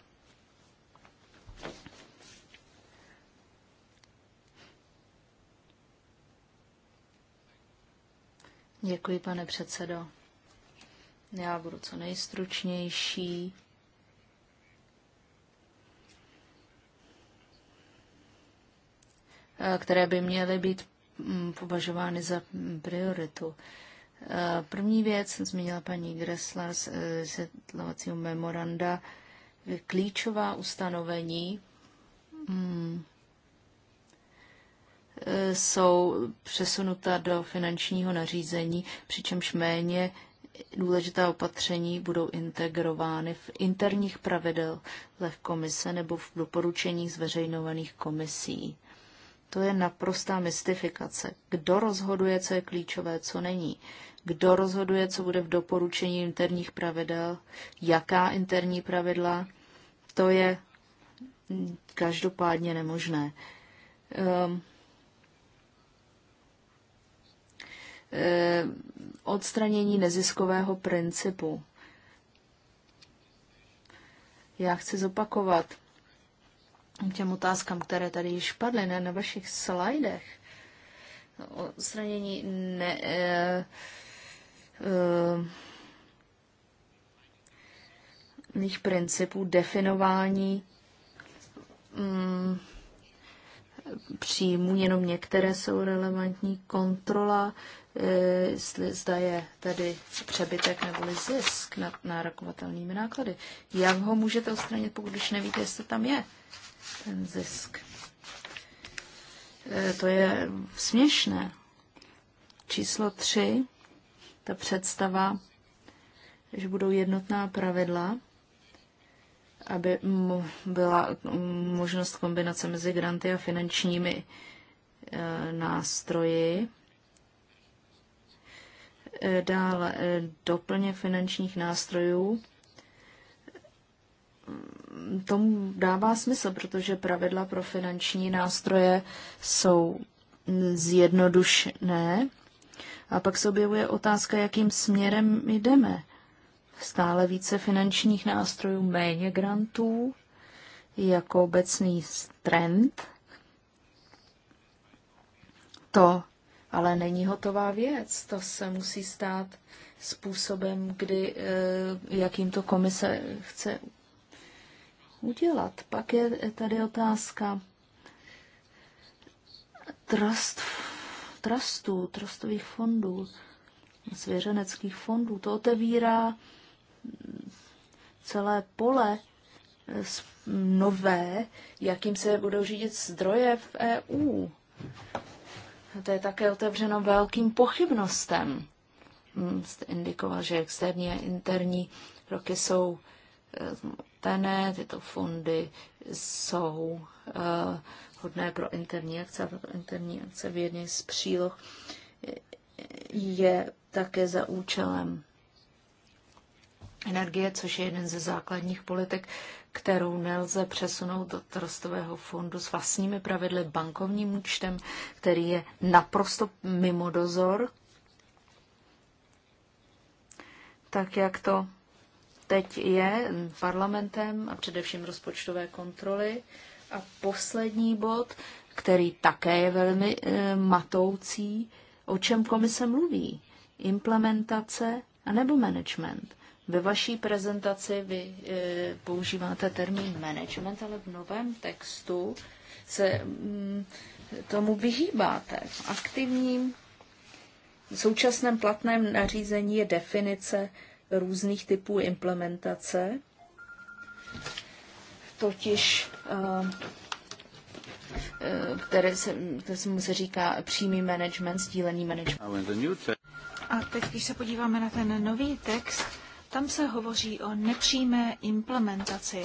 Děkuji, pane předsedo. Já budu co nejstručnější. Eh, které by měly být mm, považovány za mm, prioritu. Eh, první věc, zmínila paní Gressler z eh, vysvětlovacího memoranda, eh, klíčová ustanovení hmm, jsou přesunuta do finančního nařízení, přičemž méně důležitá opatření budou integrovány v interních pravidel v komise nebo v doporučeních zveřejnovaných komisí. To je naprostá mystifikace. Kdo rozhoduje, co je klíčové, co není? kdo rozhoduje, co bude v doporučení interních pravidel, jaká interní pravidla, to je každopádně nemožné. Um, odstranění neziskového principu. Já chci zopakovat těm otázkám, které tady již padly ne, na vašich slajdech. Odstranění ne, eh, Eh, mých principů definování mm, příjmu jenom některé jsou relevantní. Kontrola, eh, jestli zda je tady přebytek nebo zisk nad nárokovatelnými náklady. Jak ho můžete odstranit, pokud už nevíte, jestli tam je ten zisk? Eh, to je směšné. Číslo tři ta představa, že budou jednotná pravidla, aby byla možnost kombinace mezi granty a finančními e, nástroji. E, dále e, doplně finančních nástrojů. Tomu dává smysl, protože pravidla pro finanční nástroje jsou zjednodušené a pak se objevuje otázka, jakým směrem jdeme. Stále více finančních nástrojů, méně grantů, jako obecný trend. To ale není hotová věc. To se musí stát způsobem, kdy, eh, jakým to komise chce udělat. Pak je tady otázka trust trustů, trustových fondů, svěřeneckých fondů. To otevírá celé pole eh, nové, jakým se budou řídit zdroje v EU. A to je také otevřeno velkým pochybnostem. Hm, jste indikoval, že externí a interní roky jsou pené, tyto fondy jsou eh, hodné pro interní akce a tato interní akce v jedné z příloh je také za účelem energie, což je jeden ze základních politik, kterou nelze přesunout do trostového fondu s vlastními pravidly bankovním účtem, který je naprosto mimo dozor, tak jak to teď je parlamentem a především rozpočtové kontroly. A poslední bod, který také je velmi e, matoucí, o čem komise mluví. Implementace a nebo management. Ve vaší prezentaci vy e, používáte termín management, ale v novém textu se mm, tomu vyhýbáte. V aktivním v současném platném nařízení je definice různých typů implementace, totiž eh, eh, které se, které se se říká přímý management, sdílený management. A teď, když se podíváme na ten nový text, tam se hovoří o nepřímé implementaci.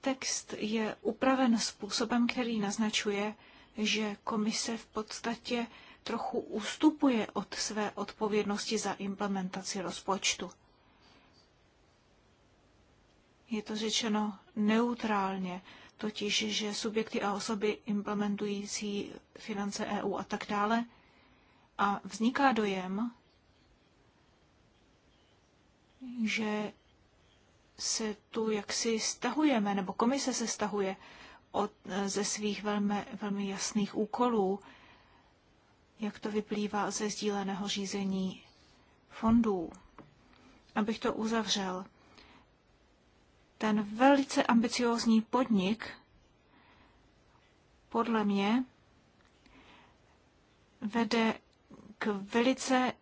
Text je upraven způsobem, který naznačuje, že komise v podstatě trochu ustupuje od své odpovědnosti za implementaci rozpočtu. Je to řečeno neutrálně, totiž že subjekty a osoby implementující finance EU a tak dále. A vzniká dojem, že se tu jaksi stahujeme, nebo komise se stahuje od, ze svých velmi, velmi jasných úkolů, jak to vyplývá ze sdíleného řízení fondů. Abych to uzavřel, ten velice ambiciózní podnik podle mě vede k velice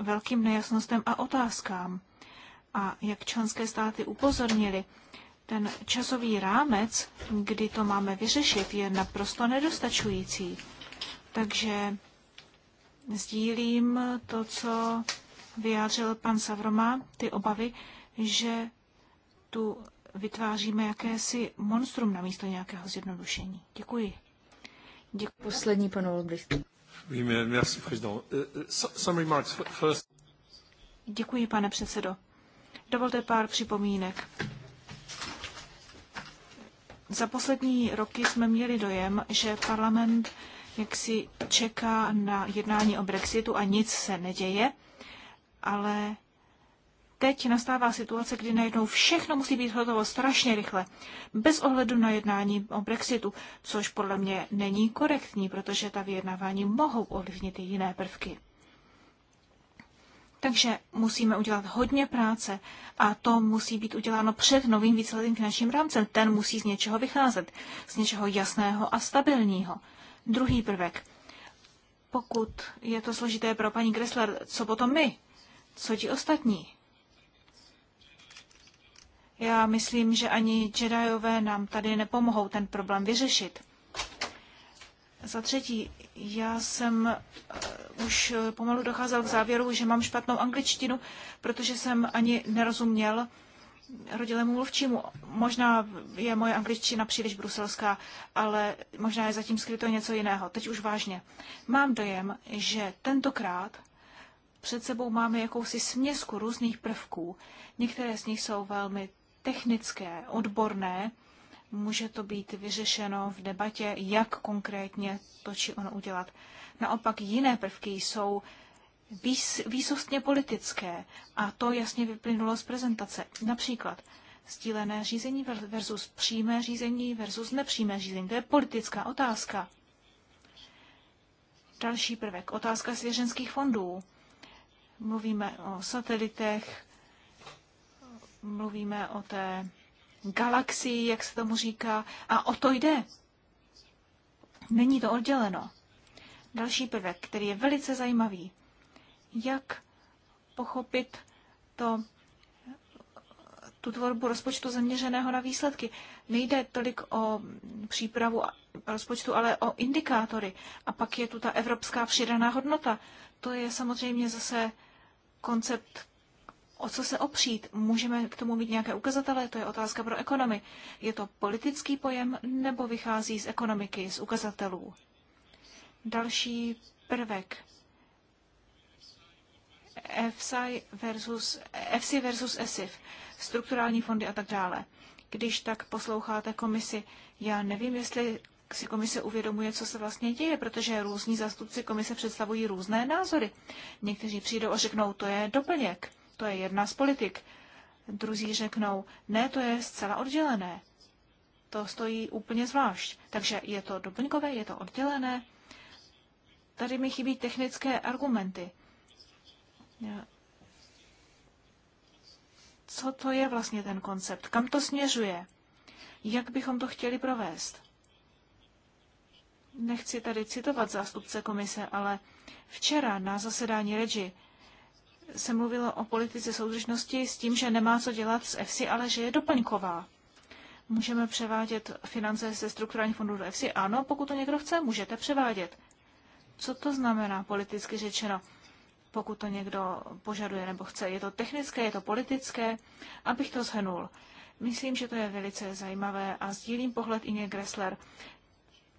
velkým nejasnostem a otázkám. A jak členské státy upozornili, ten časový rámec, kdy to máme vyřešit, je naprosto nedostačující. Takže sdílím to, co vyjádřil pan Savroma, ty obavy, že tu vytváříme jakési monstrum na místo nějakého zjednodušení. Děkuji. Děkuji. Poslední panu Olbricht. Euh, euh, Děkuji, pane předsedo. Dovolte pár připomínek. Za poslední roky jsme měli dojem, že parlament jak si čeká na jednání o Brexitu a nic se neděje, ale teď nastává situace, kdy najednou všechno musí být hotovo strašně rychle, bez ohledu na jednání o Brexitu, což podle mě není korektní, protože ta vyjednávání mohou ovlivnit i jiné prvky. Takže musíme udělat hodně práce a to musí být uděláno před novým výsledným finančním rámcem. Ten musí z něčeho vycházet, z něčeho jasného a stabilního. Druhý prvek. Pokud je to složité pro paní Kresler, co potom my? Co ti ostatní? Já myslím, že ani Jediové nám tady nepomohou ten problém vyřešit. Za třetí, já jsem eh, už pomalu docházel k závěru, že mám špatnou angličtinu, protože jsem ani nerozuměl rodilému mluvčímu. Možná je moje angličtina příliš bruselská, ale možná je zatím skryto něco jiného. Teď už vážně. Mám dojem, že tentokrát před sebou máme jakousi směsku různých prvků. Některé z nich jsou velmi technické, odborné. Může to být vyřešeno v debatě, jak konkrétně to či ono udělat. Naopak jiné prvky jsou výs, výsostně politické a to jasně vyplynulo z prezentace. Například stílené řízení versus přímé řízení versus nepřímé řízení. To je politická otázka. Další prvek. Otázka svěřenských fondů. Mluvíme o satelitech, mluvíme o té galaxii, jak se tomu říká, a o to jde. Není to odděleno. Další prvek, který je velice zajímavý jak pochopit to, tu tvorbu rozpočtu zaměřeného na výsledky. Nejde tolik o přípravu rozpočtu, ale o indikátory. A pak je tu ta evropská přidaná hodnota. To je samozřejmě zase koncept, o co se opřít. Můžeme k tomu mít nějaké ukazatele, to je otázka pro ekonomy. Je to politický pojem nebo vychází z ekonomiky, z ukazatelů? Další prvek EFSI versus, FSI versus ESIF, strukturální fondy a tak dále. Když tak posloucháte komisi, já nevím, jestli si komise uvědomuje, co se vlastně děje, protože různí zástupci komise představují různé názory. Někteří přijdou a řeknou, to je doplněk, to je jedna z politik. Druzí řeknou, ne, to je zcela oddělené. To stojí úplně zvlášť. Takže je to doplňkové, je to oddělené. Tady mi chybí technické argumenty. Co to je vlastně ten koncept? Kam to směřuje? Jak bychom to chtěli provést? Nechci tady citovat zástupce komise, ale včera na zasedání Regi se mluvilo o politice soudržnosti s tím, že nemá co dělat s EFSI, ale že je doplňková. Můžeme převádět finance ze strukturální fondů do EFSI? Ano, pokud to někdo chce, můžete převádět. Co to znamená politicky řečeno? pokud to někdo požaduje nebo chce. Je to technické, je to politické, abych to zhrnul. Myslím, že to je velice zajímavé a sdílím pohled Inge Gressler.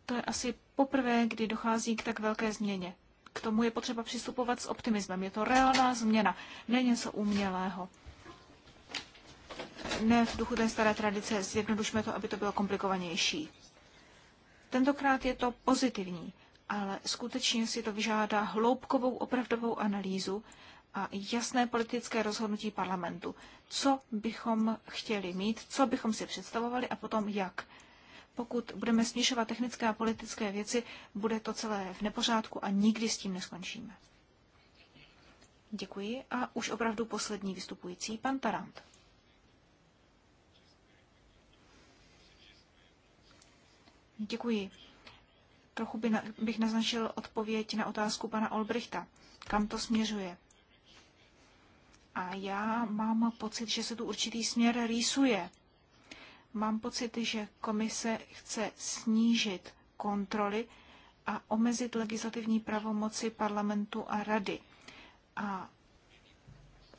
To je asi poprvé, kdy dochází k tak velké změně. K tomu je potřeba přistupovat s optimismem. Je to reálná změna, ne něco umělého. Ne v duchu té staré tradice, zjednodušme to, aby to bylo komplikovanější. Tentokrát je to pozitivní ale skutečně si to vyžádá hloubkovou opravdovou analýzu a jasné politické rozhodnutí parlamentu. Co bychom chtěli mít, co bychom si představovali a potom jak. Pokud budeme snižovat technické a politické věci, bude to celé v nepořádku a nikdy s tím neskončíme. Děkuji a už opravdu poslední vystupující, pan Tarant. Děkuji. Trochu by na, bych naznačil odpověď na otázku pana Olbrichta. Kam to směřuje? A já mám pocit, že se tu určitý směr rýsuje. Mám pocit, že komise chce snížit kontroly a omezit legislativní pravomoci parlamentu a rady. A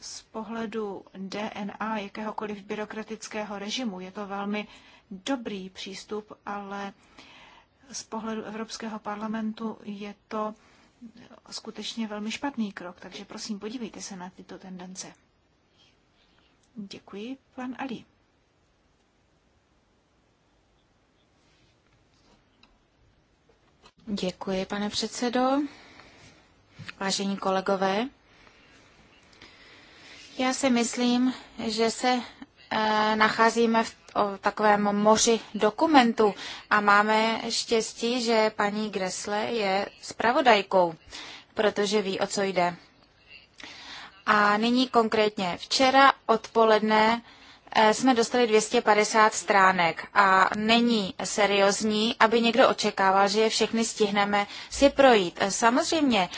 z pohledu DNA jakéhokoliv byrokratického režimu je to velmi dobrý přístup, ale uh, z pohledu Evropského parlamentu je to skutečně velmi špatný krok, takže prosím, podívejte se na tyto tendence. Děkuji, pan Ali. Děkuji, pane předsedo. Vážení kolegové, já si myslím, že se Eh, nacházíme v takovém moři dokumentů a máme štěstí, že paní Gresle je zpravodajkou, protože ví, o co jde. A nyní konkrétně. Včera odpoledne eh, jsme dostali 250 stránek a není seriózní, aby někdo očekával, že je všechny stihneme si projít. Eh, samozřejmě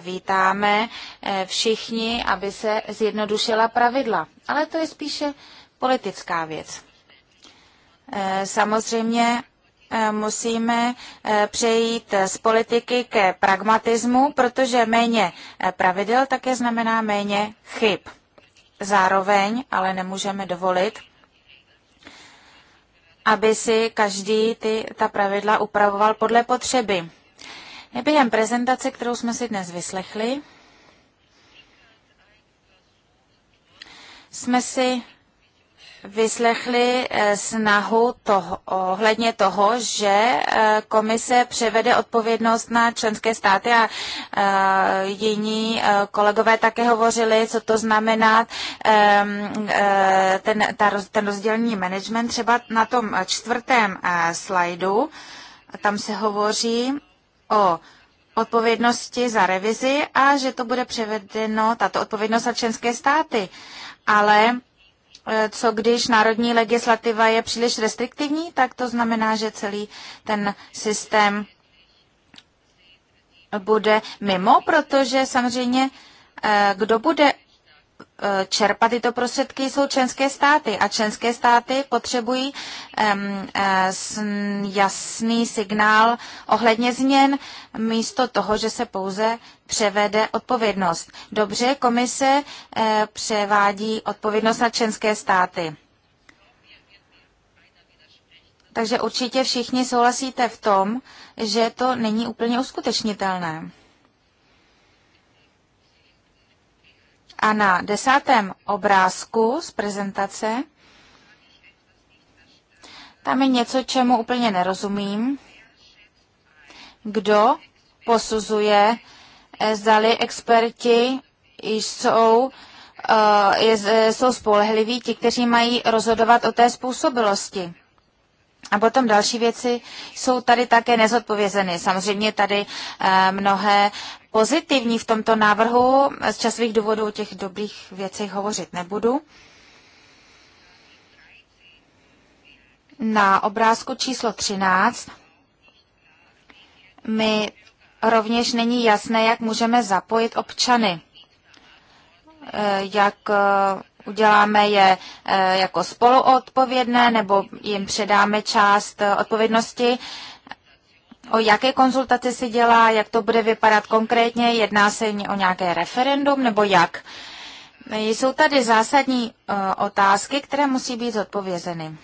vítáme všichni, aby se zjednodušila pravidla, ale to je spíše politická věc. Eh, samozřejmě eh, musíme eh, přejít z politiky ke pragmatismu, protože méně pravidel také znamená méně chyb. Zároveň ale nemůžeme dovolit, aby si každý ty, ta pravidla upravoval podle potřeby. Během prezentace, kterou jsme si dnes vyslechli, jsme si vyslechli eh, snahu toho, ohledně toho, že eh, komise převede odpovědnost na členské státy a eh, jiní kolegové také hovořili, co to znamená ehm, ten, ta, ten rozdělní management. Třeba na tom čtvrtém slajdu, tam se hovoří o odpovědnosti za revizi a že to bude převedeno, tato odpovědnost na členské státy. Ale Eh, co když národní legislativa je příliš restriktivní, tak to znamená, že celý ten systém bude mimo, protože samozřejmě eh, kdo bude Eh, čerpat tyto prostředky jsou členské státy a členské státy potřebují um, jasný signál ohledně změn místo toho, že se pouze převede odpovědnost. Dobře, komise uh, převádí odpovědnost na členské státy. Takže určitě všichni souhlasíte v tom, že to není úplně uskutečnitelné. A na desátém obrázku z prezentace, tam je něco, čemu úplně nerozumím. Kdo posuzuje, eh, zdali experti jsou, eh, eh, jsou spolehliví, ti, kteří mají rozhodovat o té způsobilosti. A potom další věci jsou tady také nezodpovězeny. Samozřejmě tady mnohé pozitivní v tomto návrhu. Z časových důvodů o těch dobrých věcech hovořit nebudu. Na obrázku číslo 13 mi rovněž není jasné, jak můžeme zapojit občany. Eh, jak eh, uděláme je eh, jako spoluodpovědné, nebo jim předáme část odpovědnosti o jaké konzultaci se dělá, jak to bude vypadat konkrétně, jedná se o nějaké referendum nebo jak. Jsou tady zásadní e, otázky, které musí být zodpovězeny.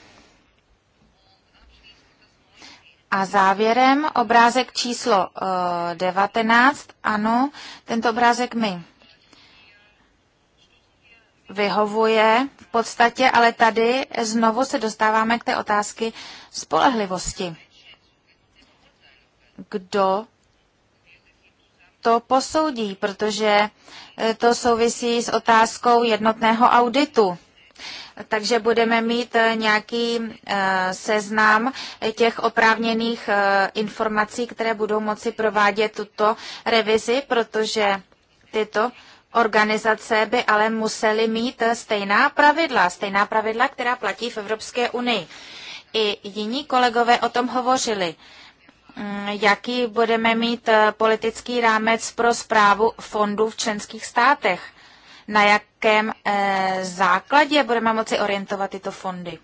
A závěrem obrázek číslo 19. E, ano, tento obrázek mi vyhovuje v podstatě, ale tady znovu se dostáváme k té otázky spolehlivosti kdo to posoudí, protože e, to souvisí s otázkou jednotného auditu. Takže budeme mít e, nějaký e, seznam těch oprávněných informací, které budou moci provádět tuto revizi, protože tyto organizace by ale musely mít stejná pravidla, stejná pravidla, která platí v Evropské unii. I jiní kolegové o tom hovořili. Mm, jaký budeme mít eh, politický rámec pro zprávu fondů v členských státech. Na jakém eh, základě budeme moci orientovat tyto fondy?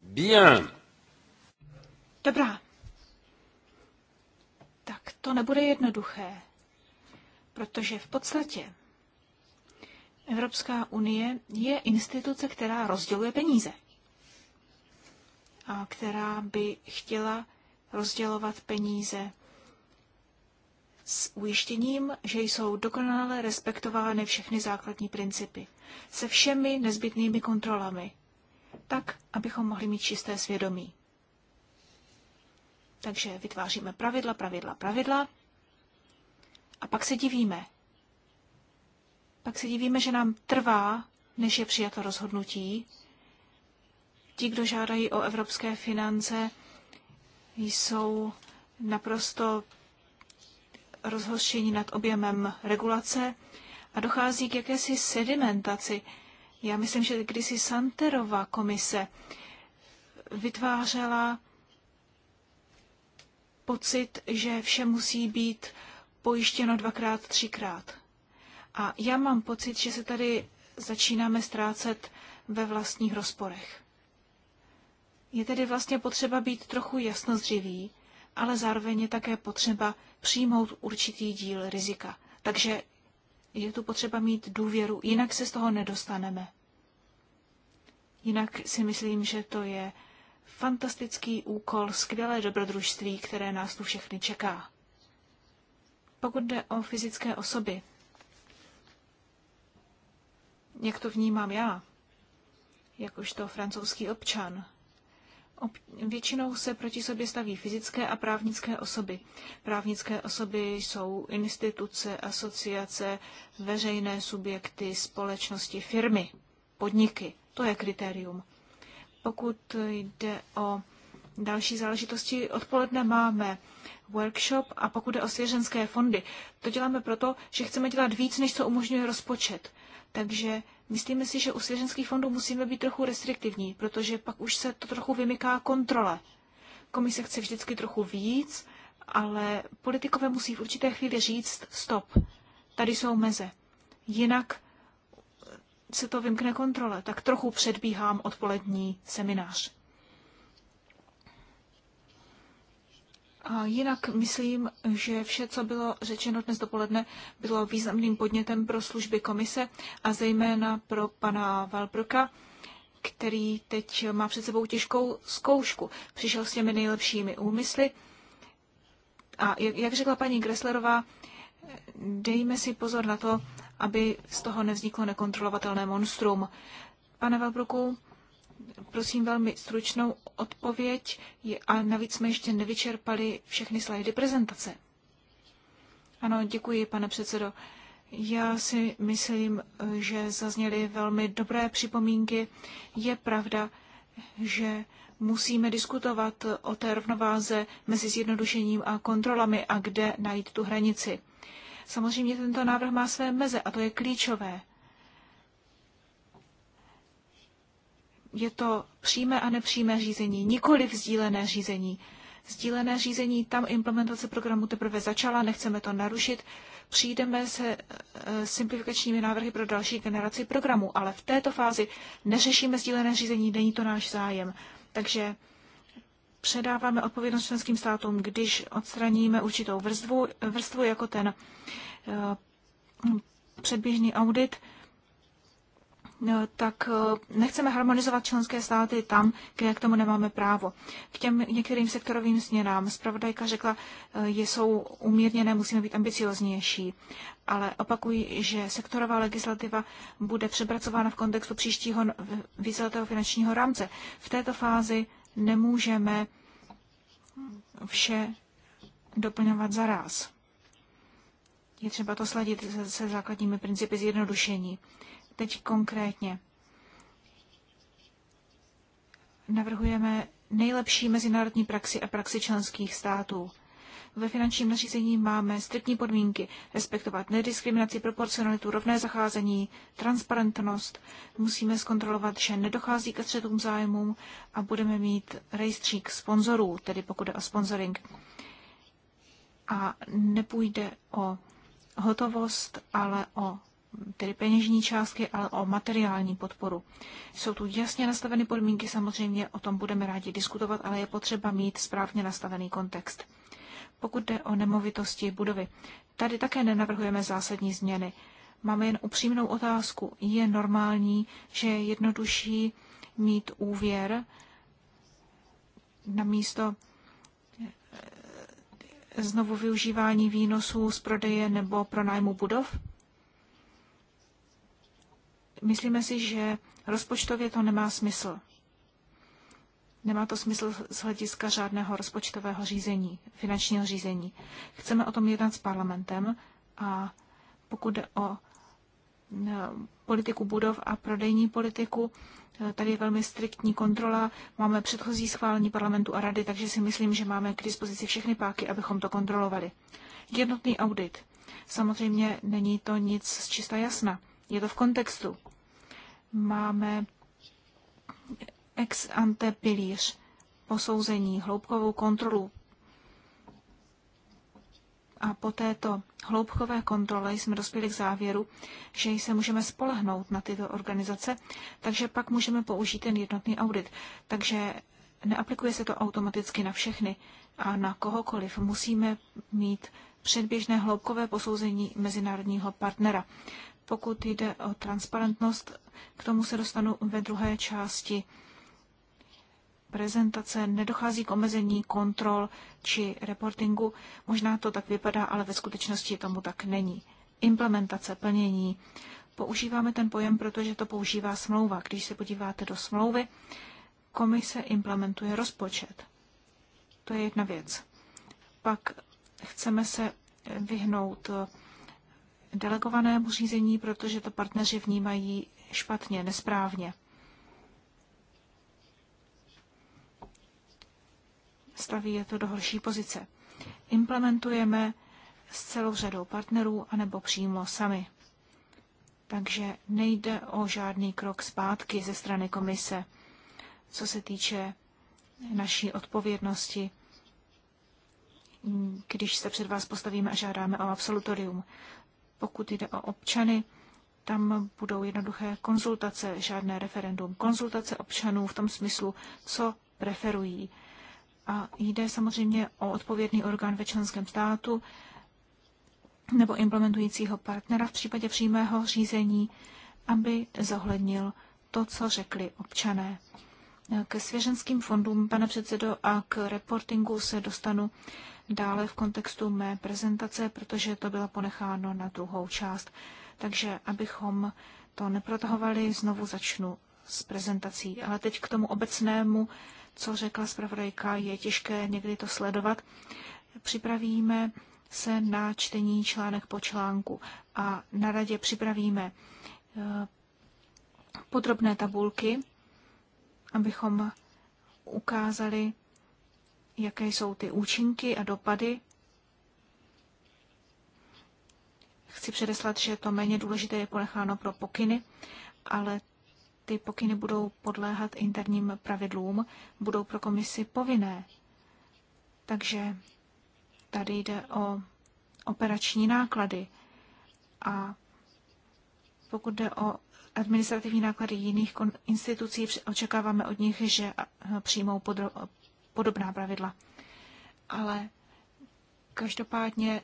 Bien. Dobrá. Tak to nebude jednoduché, protože v podstatě Evropská unie je instituce, která rozděluje peníze a která by chtěla rozdělovat peníze s ujištěním, že jsou dokonale respektovány všechny základní principy, se všemi nezbytnými kontrolami, tak, abychom mohli mít čisté svědomí. Takže vytváříme pravidla, pravidla, pravidla a pak se divíme. Pak se divíme, že nám trvá, než je přijato rozhodnutí. Ti, kdo žádají o evropské finance, jsou naprosto rozhošení nad objemem regulace a dochází k jakési sedimentaci. Já myslím, že kdysi Santerova komise vytvářela pocit, že vše musí být pojištěno dvakrát, třikrát. A já mám pocit, že se tady začínáme ztrácet ve vlastních rozporech. Je tedy vlastně potřeba být trochu jasnozřivý, ale zároveň je také potřeba přijmout určitý díl rizika. Takže je tu potřeba mít důvěru, jinak se z toho nedostaneme. Jinak si myslím, že to je fantastický úkol, skvělé dobrodružství, které nás tu všechny čeká. Pokud jde o fyzické osoby, jak to vnímám já, jakožto francouzský občan, Většinou se proti sobě staví fyzické a právnické osoby. Právnické osoby jsou instituce, asociace, veřejné subjekty, společnosti, firmy, podniky. To je kritérium. Pokud jde o další záležitosti, odpoledne máme workshop a pokud jde o svěřenské fondy, to děláme proto, že chceme dělat víc, než co umožňuje rozpočet. Takže myslíme si, že u svěřenských fondů musíme být trochu restriktivní, protože pak už se to trochu vymyká kontrole. Komise chce vždycky trochu víc, ale politikové musí v určité chvíli říct stop, tady jsou meze. Jinak se to vymkne kontrole. Tak trochu předbíhám odpolední seminář. A jinak myslím, že vše, co bylo řečeno dnes dopoledne, bylo významným podnětem pro služby komise a zejména pro pana Valbroka, který teď má před sebou těžkou zkoušku. Přišel s těmi nejlepšími úmysly a jak řekla paní Greslerová, dejme si pozor na to, aby z toho nevzniklo nekontrolovatelné monstrum. Pane Valbroku, prosím velmi stručnou odpověď a navíc jsme ještě nevyčerpali všechny slajdy prezentace. Ano, děkuji, pane předsedo. Já si myslím, že zazněly velmi dobré připomínky. Je pravda, že musíme diskutovat o té rovnováze mezi zjednodušením a kontrolami a kde najít tu hranici. Samozřejmě tento návrh má své meze a to je klíčové. je to přímé a nepřímé řízení, nikoli vzdílené řízení. Sdílené řízení, tam implementace programu teprve začala, nechceme to narušit. Přijdeme se eh, simplifikačními návrhy pro další generaci programu, ale v této fázi neřešíme sdílené řízení, není to náš zájem. Takže předáváme odpovědnost členským státům, když odstraníme určitou vrstvu, vrstvu jako ten eh, předběžný audit, No, tak eh, nechceme harmonizovat členské státy tam, kde k tomu nemáme právo. K těm některým sektorovým změnám zpravodajka řekla, eh, jsou umírněné, musíme být ambicioznější. Ale opakuji, že sektorová legislativa bude přepracována v kontextu příštího víceletého finančního rámce. V této fázi nemůžeme vše doplňovat ráz. Je třeba to sladit se, se základními principy zjednodušení. Uh, Teď konkrétně. Navrhujeme nejlepší mezinárodní praxi a praxi členských států. Ve finančním nařízení máme striktní podmínky respektovat nediskriminaci, proporcionalitu, rovné zacházení, transparentnost. Musíme zkontrolovat, že nedochází ke střetům zájmů a budeme mít rejstřík sponzorů, tedy pokud je o sponsoring. A nepůjde o hotovost, ale o tedy peněžní částky, ale o materiální podporu. Jsou tu jasně nastaveny podmínky, samozřejmě o tom budeme rádi diskutovat, ale je potřeba mít správně nastavený kontext. Pokud jde o nemovitosti budovy, tady také nenavrhujeme zásadní změny. Máme jen upřímnou otázku. Je normální, že je jednodušší mít úvěr na místo eh, znovu využívání výnosů z prodeje nebo pronájmu budov? Myslíme si, že rozpočtově to nemá smysl. Nemá to smysl z hlediska žádného rozpočtového řízení, finančního řízení. Chceme o tom jednat s parlamentem a pokud jde o e, politiku budov a prodejní politiku, e, tady je velmi striktní kontrola. Máme předchozí schválení parlamentu a rady, takže si myslím, že máme k dispozici všechny páky, abychom to kontrolovali. Jednotný audit. Samozřejmě není to nic z čista jasna. Je to v kontextu máme ex ante pilíř posouzení, hloubkovou kontrolu. A po této hloubkové kontrole jsme dospěli k závěru, že se můžeme spolehnout na tyto organizace, takže pak můžeme použít ten jednotný audit. Takže neaplikuje se to automaticky na všechny a na kohokoliv. Musíme mít předběžné hloubkové posouzení mezinárodního partnera. Pokud jde o transparentnost, k tomu se dostanu ve druhé části prezentace. Nedochází k omezení kontrol či reportingu. Možná to tak vypadá, ale ve skutečnosti tomu tak není. Implementace, plnění. Používáme ten pojem, protože to používá smlouva. Když se podíváte do smlouvy, komise implementuje rozpočet. To je jedna věc. Pak chceme se vyhnout delegovanému řízení, protože to partneři vnímají špatně, nesprávně. Staví je to do horší pozice. Implementujeme s celou řadou partnerů anebo přímo sami. Takže nejde o žádný krok zpátky ze strany komise, co se týče naší odpovědnosti, když se před vás postavíme a žádáme o absolutorium. Pokud jde o občany, tam budou jednoduché konzultace, žádné referendum. Konzultace občanů v tom smyslu, co preferují. A jde samozřejmě o odpovědný orgán ve členském státu nebo implementujícího partnera v případě přímého řízení, aby zohlednil to, co řekli občané. K svěřenským fondům, pane předsedo, a k reportingu se dostanu dále v kontextu mé prezentace, protože to bylo ponecháno na druhou část. Takže abychom to neprotahovali, znovu začnu s prezentací. Ale teď k tomu obecnému, co řekla zpravodajka, je těžké někdy to sledovat. Připravíme se na čtení článek po článku a na radě připravíme eh, podrobné tabulky abychom ukázali, jaké jsou ty účinky a dopady. Chci předeslat, že to méně důležité je ponecháno pro pokyny, ale ty pokyny budou podléhat interním pravidlům, budou pro komisi povinné. Takže tady jde o operační náklady. A pokud jde o administrativní náklady jiných institucí, očekáváme od nich, že přijmou podobná pravidla. Ale každopádně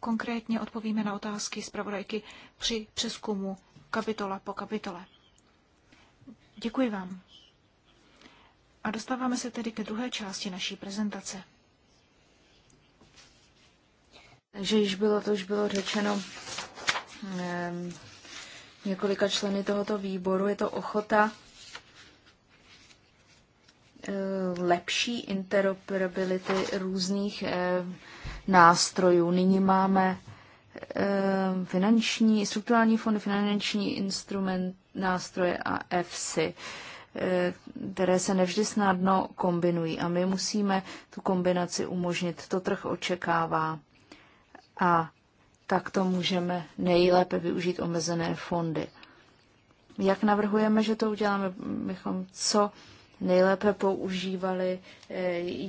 konkrétně odpovíme na otázky zpravodajky při přeskumu kapitola po kapitole. Děkuji vám. A dostáváme se tedy ke druhé části naší prezentace. Takže již bylo, to už bylo řečeno. Ehm, několika členy tohoto výboru. Je to ochota eh, lepší interoperability různých eh, nástrojů. Nyní máme eh, finanční, strukturální fondy, finanční instrument, nástroje a EFSI, které se nevždy snadno kombinují a my musíme tu kombinaci umožnit. To trh očekává. A tak to můžeme nejlépe využít omezené fondy. Jak navrhujeme, že to uděláme, bychom co nejlépe používali eh,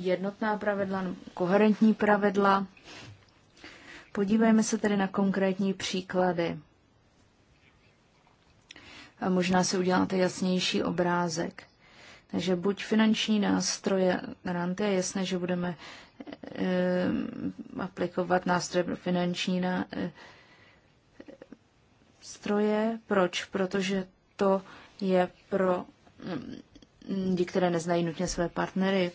jednotná pravidla, koherentní pravidla. Podívejme se tedy na konkrétní příklady. A možná se uděláte jasnější obrázek. Takže buď finanční nástroje granty, je jasné, že budeme eh, aplikovat nástroje pro finanční nástroje. Eh, Proč? Protože to je pro mm, lidi, které neznají nutně své partnery.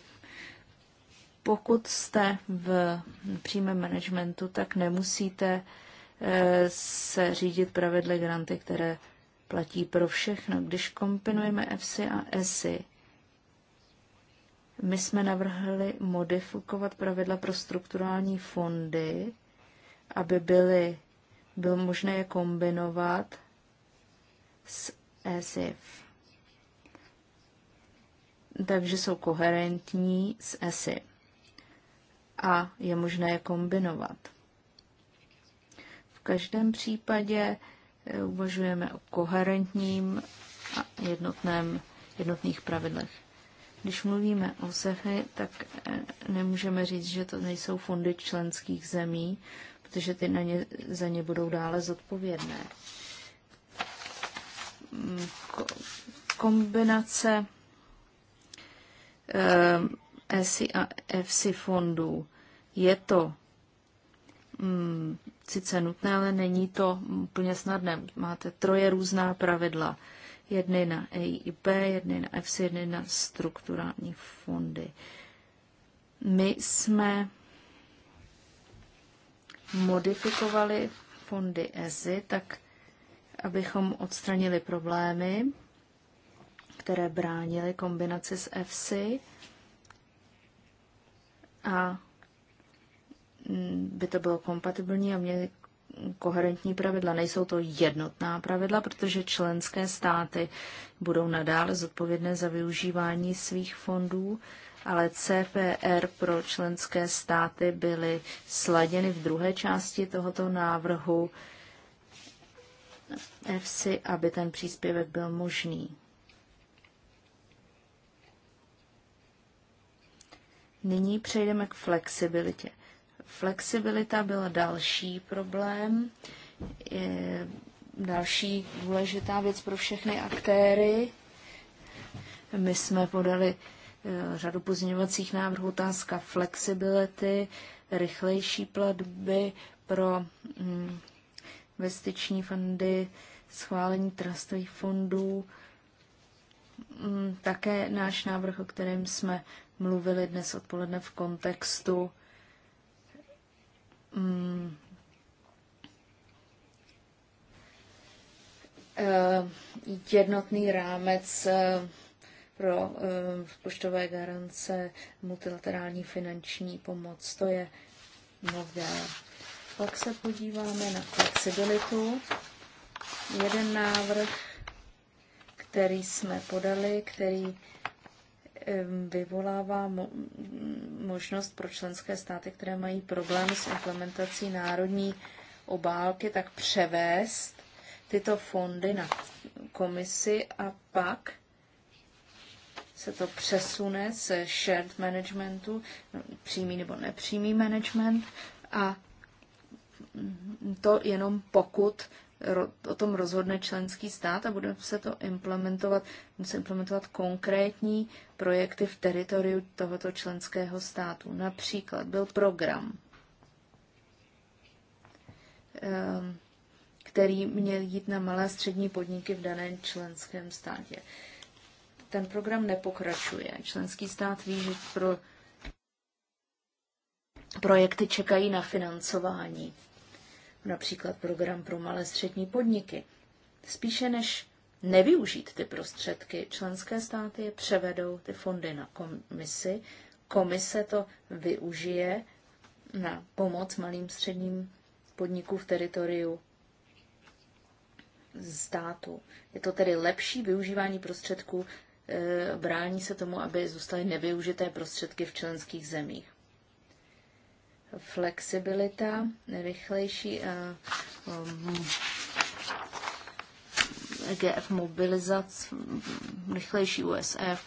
Pokud jste v přímém managementu, tak nemusíte eh, se řídit pravidly granty, které platí pro všechno. Když kombinujeme FC a ESI, my jsme navrhli modifikovat pravidla pro strukturální fondy, aby byly, bylo možné je kombinovat s ESIF. Takže jsou koherentní s ESI. a je možné je kombinovat. V každém případě eh, uvažujeme o koherentním a jednotném, jednotných pravidlech. Když mluvíme o SEFy, tak eh, nemůžeme říct, že to nejsou fondy členských zemí, protože ty na ně, za ně budou dále zodpovědné. Mm, kombinace ESI eh, a EFSI fondů je to mm, sice nutné, ale není to úplně snadné. Máte troje různá pravidla jedny na EIP, jedny na EFS, jedny na strukturální fondy. My jsme modifikovali fondy EZI tak, abychom odstranili problémy, které bránily kombinaci s EFSI a mm, by to bylo kompatibilní a měli koherentní pravidla, nejsou to jednotná pravidla, protože členské státy budou nadále zodpovědné za využívání svých fondů, ale CPR pro členské státy byly sladěny v druhé části tohoto návrhu EFSI, aby ten příspěvek byl možný. Nyní přejdeme k flexibilitě. Flexibilita byla další problém, další důležitá věc pro všechny aktéry. My jsme podali eh, řadu pozměňovacích návrhů, otázka flexibility, rychlejší platby pro mm, investiční fondy, schválení trustových fondů, mm, také náš návrh, o kterém jsme mluvili dnes odpoledne v kontextu mm, eh, jednotný rámec eh, pro rozpočtové eh, garance, multilaterální finanční pomoc, to je nové. Pak se podíváme na flexibilitu. Jeden návrh, který jsme podali, který vyvolává možnost pro členské státy, které mají problémy s implementací národní obálky, tak převést tyto fondy na komisi a pak se to přesune z shared managementu, přímý nebo nepřímý management a to jenom pokud o tom rozhodne členský stát a bude se to implementovat, musí implementovat konkrétní projekty v teritoriu tohoto členského státu. Například byl program, ehm, který měl jít na malé a střední podniky v daném členském státě. Ten program nepokračuje. Členský stát ví, že pro projekty čekají na financování například program pro malé střední podniky. Spíše než nevyužít ty prostředky, členské státy je převedou ty fondy na komisi, komise to využije na pomoc malým středním podnikům v teritoriu státu. Je to tedy lepší využívání prostředků, eh, brání se tomu, aby zůstaly nevyužité prostředky v členských zemích flexibilita, rychlejší EGF eh, eh, e mobilizace, rychlejší USF, e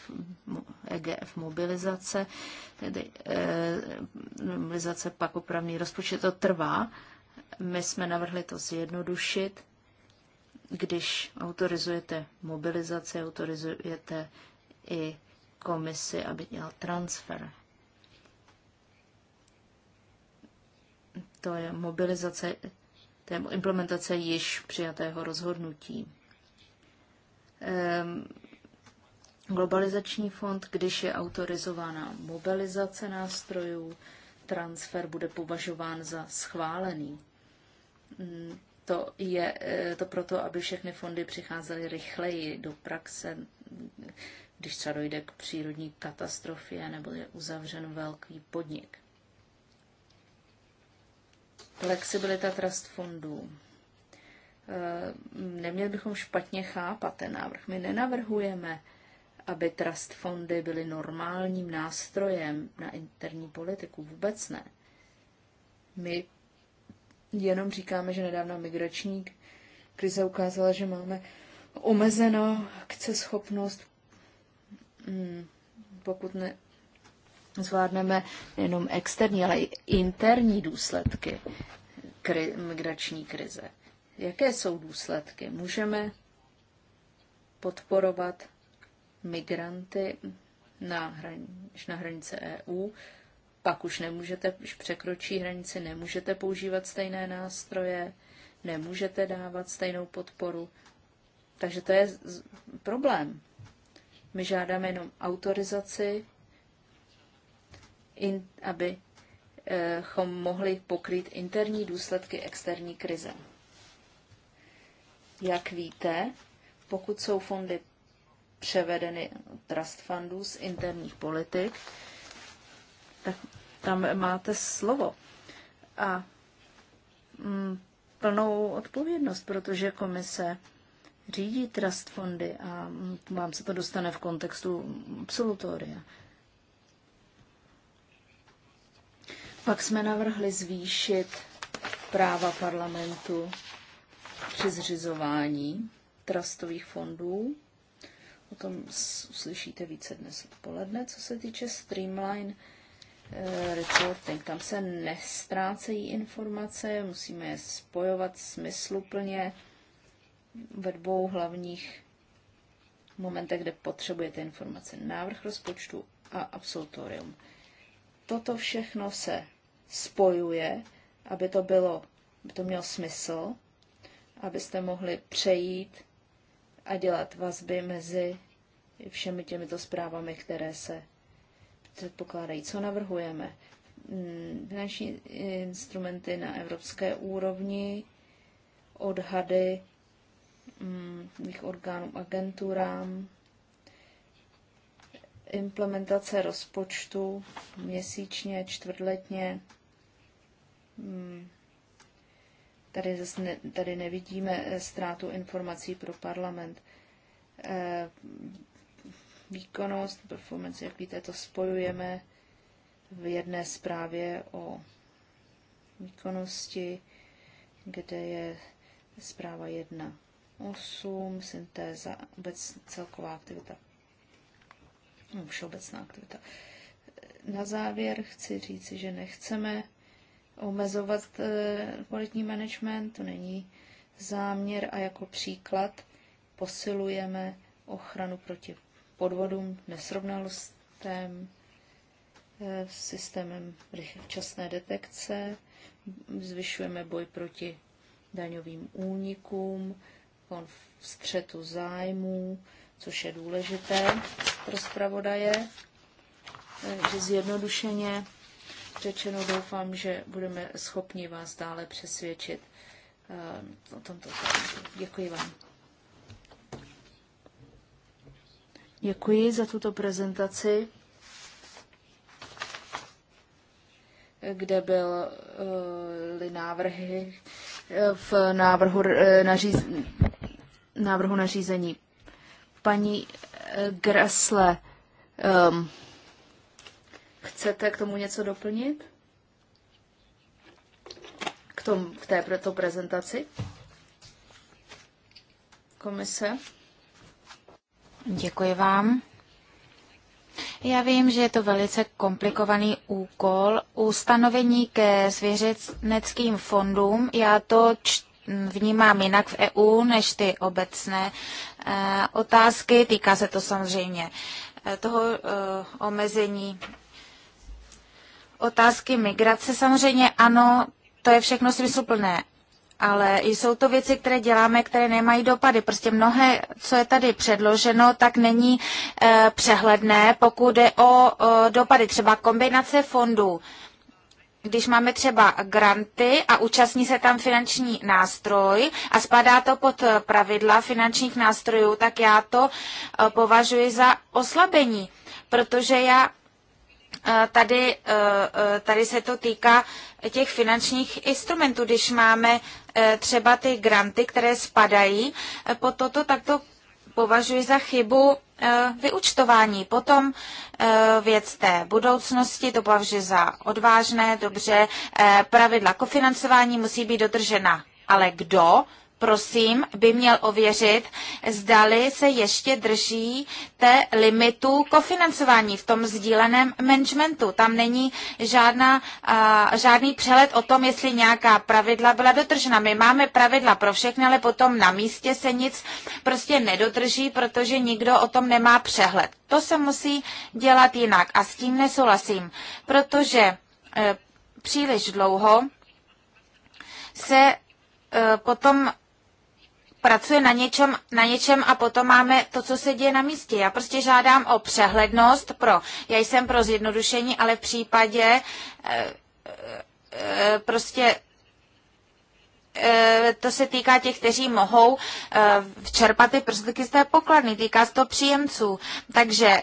EGF mobilizace, tedy eh, mobilizace pak opravný rozpočet, to trvá. My jsme navrhli to zjednodušit, když autorizujete mobilizaci, autorizujete i komisi, aby dělal transfer to je mobilizace, to je implementace již přijatého rozhodnutí. Ehm, globalizační fond, když je autorizována mobilizace nástrojů, transfer bude považován za schválený. Mm, to je eh, to proto, aby všechny fondy přicházely rychleji do praxe, když třeba dojde k přírodní katastrofě nebo je uzavřen velký podnik. Flexibilita trust fondů. Eh, neměli bychom špatně chápat ten návrh. My nenavrhujeme, aby trust fondy byly normálním nástrojem na interní politiku. Vůbec ne. My jenom říkáme, že nedávno migrační krize ukázala, že máme omezenou schopnost, hmm, pokud ne, zvládneme jenom externí, ale i interní důsledky kri- migrační krize. Jaké jsou důsledky? Můžeme podporovat migranty na, hran, na hranice EU, pak už nemůžete, už překročí hranici, nemůžete používat stejné nástroje, nemůžete dávat stejnou podporu. Takže to je problém. My žádáme jenom autorizaci in, abychom eh, mohli pokrýt interní důsledky externí krize. Jak víte, pokud jsou fondy převedeny trust fundů z interních politik, tak tam máte slovo a mm, plnou odpovědnost, protože komise řídí trust fondy a mm, vám se to dostane v kontextu absolutoria. Pak jsme navrhli zvýšit práva parlamentu při zřizování trastových fondů. O tom uslyšíte více dnes odpoledne. Co se týče streamline eh, reporting, tam se nestrácejí informace, musíme je spojovat smysluplně ve dvou hlavních momentech, kde potřebujete informace. Návrh rozpočtu a absolutorium. Toto všechno se spojuje, aby to bylo, aby to mělo smysl, abyste mohli přejít a dělat vazby mezi všemi těmito zprávami, které se předpokládají. Co navrhujeme? Mm, finanční instrumenty na evropské úrovni, odhady mých mm, orgánů agenturám, implementace rozpočtu měsíčně, čtvrtletně. Hmm, tady, zase ne, tady nevidíme eh, ztrátu informací pro parlament. Eh, výkonnost, performance, jak víte, to spojujeme v jedné zprávě o výkonnosti, kde je zpráva 1.8, syntéza, obec celková aktivita no, všeobecná aktivita. Na závěr chci říci, že nechceme omezovat eh, kvalitní management, to není záměr a jako příklad posilujeme ochranu proti podvodům, nesrovnalostem, eh, systémem včasné detekce, zvyšujeme boj proti daňovým únikům, v střetu zájmů, což je důležité pro zpravodaje, že zjednodušeně řečeno doufám, že budeme schopni vás dále přesvědčit ehm, o tomto tématu. Děkuji vám. Děkuji za tuto prezentaci, kde byly eh, návrhy eh, v návrhu, eh, naříz, návrhu nařízení. Paní Gressle, um, ehm, chcete k tomu něco doplnit? K, tom, k té to prezentaci? Komise? Děkuji vám. Já vím, že je to velice komplikovaný úkol. Ustanovení ke svěřeckým fondům, já to čtu vnímám jinak v EU než ty obecné eh, otázky. Týká se to samozřejmě eh, toho eh, omezení otázky migrace. Samozřejmě ano, to je všechno smysluplné, ale jsou to věci, které děláme, které nemají dopady. Prostě mnohé, co je tady předloženo, tak není e, přehledné, pokud jde o dopady. Třeba kombinace fondů. E, když máme třeba granty a účastní se tam finanční nástroj a spadá to pod eh, pravidla finančních nástrojů, tak já to eh, považuji za oslabení, protože já eh, tady, tady se to týká těch finančních instrumentů. Když máme třeba ty granty, které spadají pod toto, tak to považuji za chybu Eh, vyučtování. Potom eh, věc té budoucnosti, to považuji za odvážné, dobře, eh, pravidla kofinancování musí být dodržena. Ale kdo prosím, by měl ověřit, zdali se ještě drží té limitu kofinancování v tom sdíleném managementu. Tam není žádná, uh, žádný přelet o tom, jestli nějaká pravidla byla dodržena. My máme pravidla pro všechny, ale potom na místě se nic prostě nedodrží, protože nikdo o tom nemá přehled. To se musí dělat jinak a s tím nesouhlasím, protože uh, příliš dlouho se e, potom pracuje na něčem, na něčem a potom máme to, co se děje na místě. Já prostě žádám o přehlednost pro, já jsem pro zjednodušení, ale v případě eh, eh, eh, prostě to se týká těch, kteří mohou čerpat ty prostředky z té pokladny, týká se to příjemců. Takže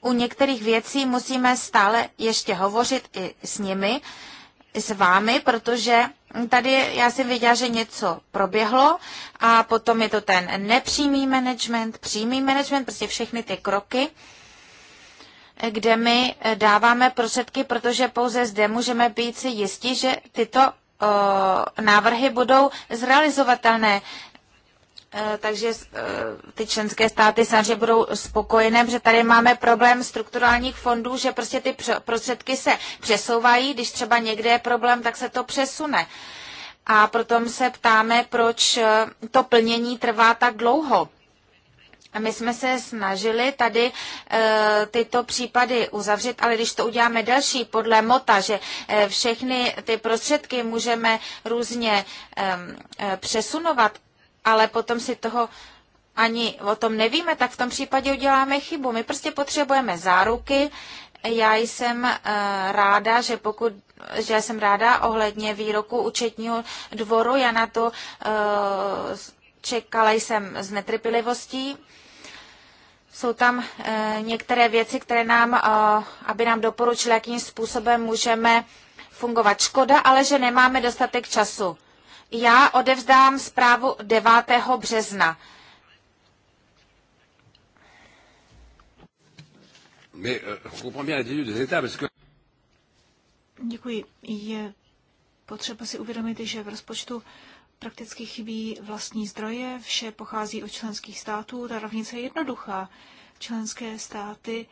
u některých věcí musíme stále ještě hovořit i s nimi, s vámi, protože Tady já jsem věděla, že něco proběhlo a potom je to ten nepřímý management, přímý management, prostě všechny ty kroky, kde my eh, dáváme prostředky, protože pouze zde můžeme být si jistí, že tyto eh, návrhy budou zrealizovatelné. Eh, takže eh, ty členské státy samozřejmě budou spokojené, protože tady máme problém strukturálních fondů, že prostě ty prostředky se přesouvají, když třeba někde je problém, tak se to přesune. A proto se ptáme, proč eh, to plnění trvá tak dlouho. My jsme se snažili tady e, tyto případy uzavřít, ale když to uděláme další podle MOTA, že e, všechny ty prostředky můžeme různě e, e, přesunovat, ale potom si toho ani o tom nevíme, tak v tom případě uděláme chybu. My prostě potřebujeme záruky. Já jsem eh, ráda, že pokud, že jsem ráda ohledně výroku účetního dvoru, já na to čekala jsem s netrpělivostí. Jsou tam eh, některé věci, které nám, eh, aby nám doporučili, jakým způsobem můžeme fungovat. Škoda, ale že nemáme dostatek času. Já odevzdám zprávu 9. března. Euh, Děkuji. Je potřeba si uvědomit, že v rozpočtu prakticky chybí vlastní zdroje, vše pochází od členských států, ta rovnice je jednoduchá. Členské státy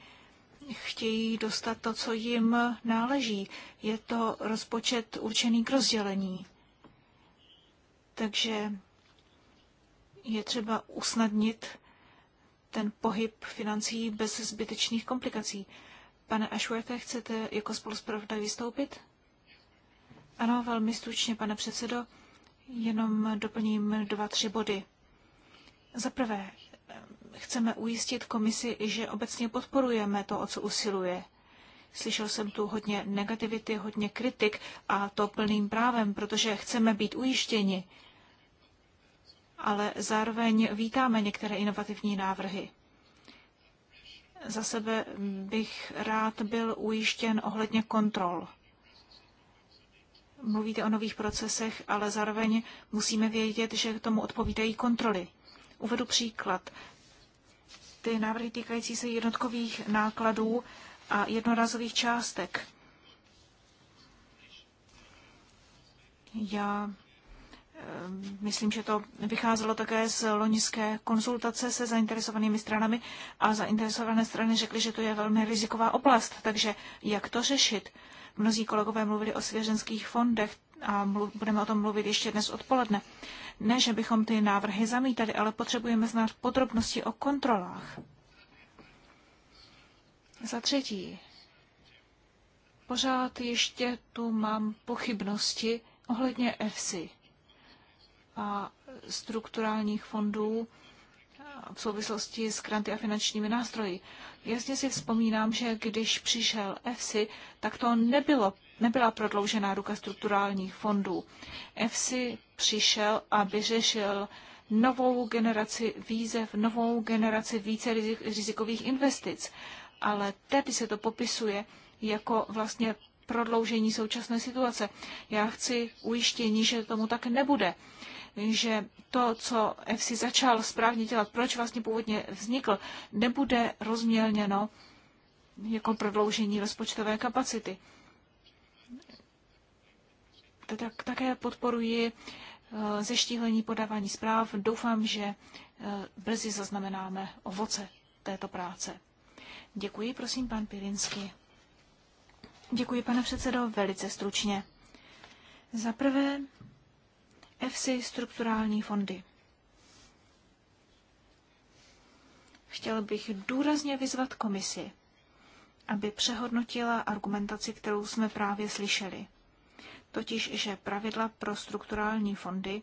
chtějí dostat to, co jim náleží. Je to rozpočet určený k rozdělení. Takže je třeba usnadnit ten pohyb financí bez zbytečných komplikací. Pane Ashworthe, chcete jako spoluspravodaj vystoupit? Ano, velmi stručně, pane předsedo. Jenom doplním dva, tři body. Za prvé, chceme ujistit komisi, že obecně podporujeme to, o co usiluje. Slyšel jsem tu hodně negativity, hodně kritik a to plným právem, protože chceme být ujištěni, ale zároveň vítáme některé inovativní návrhy. Za sebe bych rád byl ujištěn ohledně kontrol. Mluvíte o nových procesech, ale zároveň musíme vědět, že k tomu odpovídají kontroly. Uvedu příklad. Ty návrhy týkající se jednotkových nákladů a jednorázových částek. Já Ehm, myslím, že to vycházelo také z loňské konzultace se zainteresovanými stranami a zainteresované strany řekly, že to je velmi riziková oblast, takže jak to řešit? Mnozí kolegové mluvili o svěřenských fondech a mluv, budeme o tom mluvit ještě dnes odpoledne. Ne, že bychom ty návrhy zamítali, ale potřebujeme znát podrobnosti o kontrolách. Za třetí, pořád ještě tu mám pochybnosti ohledně EFSI strukturálních fondů v souvislosti s granty a finančními nástroji. Jasně si vzpomínám, že když přišel EFSI, tak to nebylo, nebyla prodloužená ruka strukturálních fondů. EFSI přišel a vyřešil novou generaci výzev, novou generaci více rizikových investic. Ale tedy se to popisuje jako vlastně prodloužení současné situace. Já chci ujištění, že tomu tak nebude že to, co FC začal správně dělat, proč vlastně původně vznikl, nebude rozmělněno jako prodloužení rozpočtové kapacity. Tak, také podporuji eh, zeštíhlení podávání zpráv. Doufám, že eh, brzy zaznamenáme ovoce této práce. Děkuji, prosím, pan Pirinsky. Děkuji, pane předsedo, velice stručně. Za prvé EFSI strukturální fondy. Chtěl bych důrazně vyzvat komisi, aby přehodnotila argumentaci, kterou jsme právě slyšeli. Totiž, že pravidla pro strukturální fondy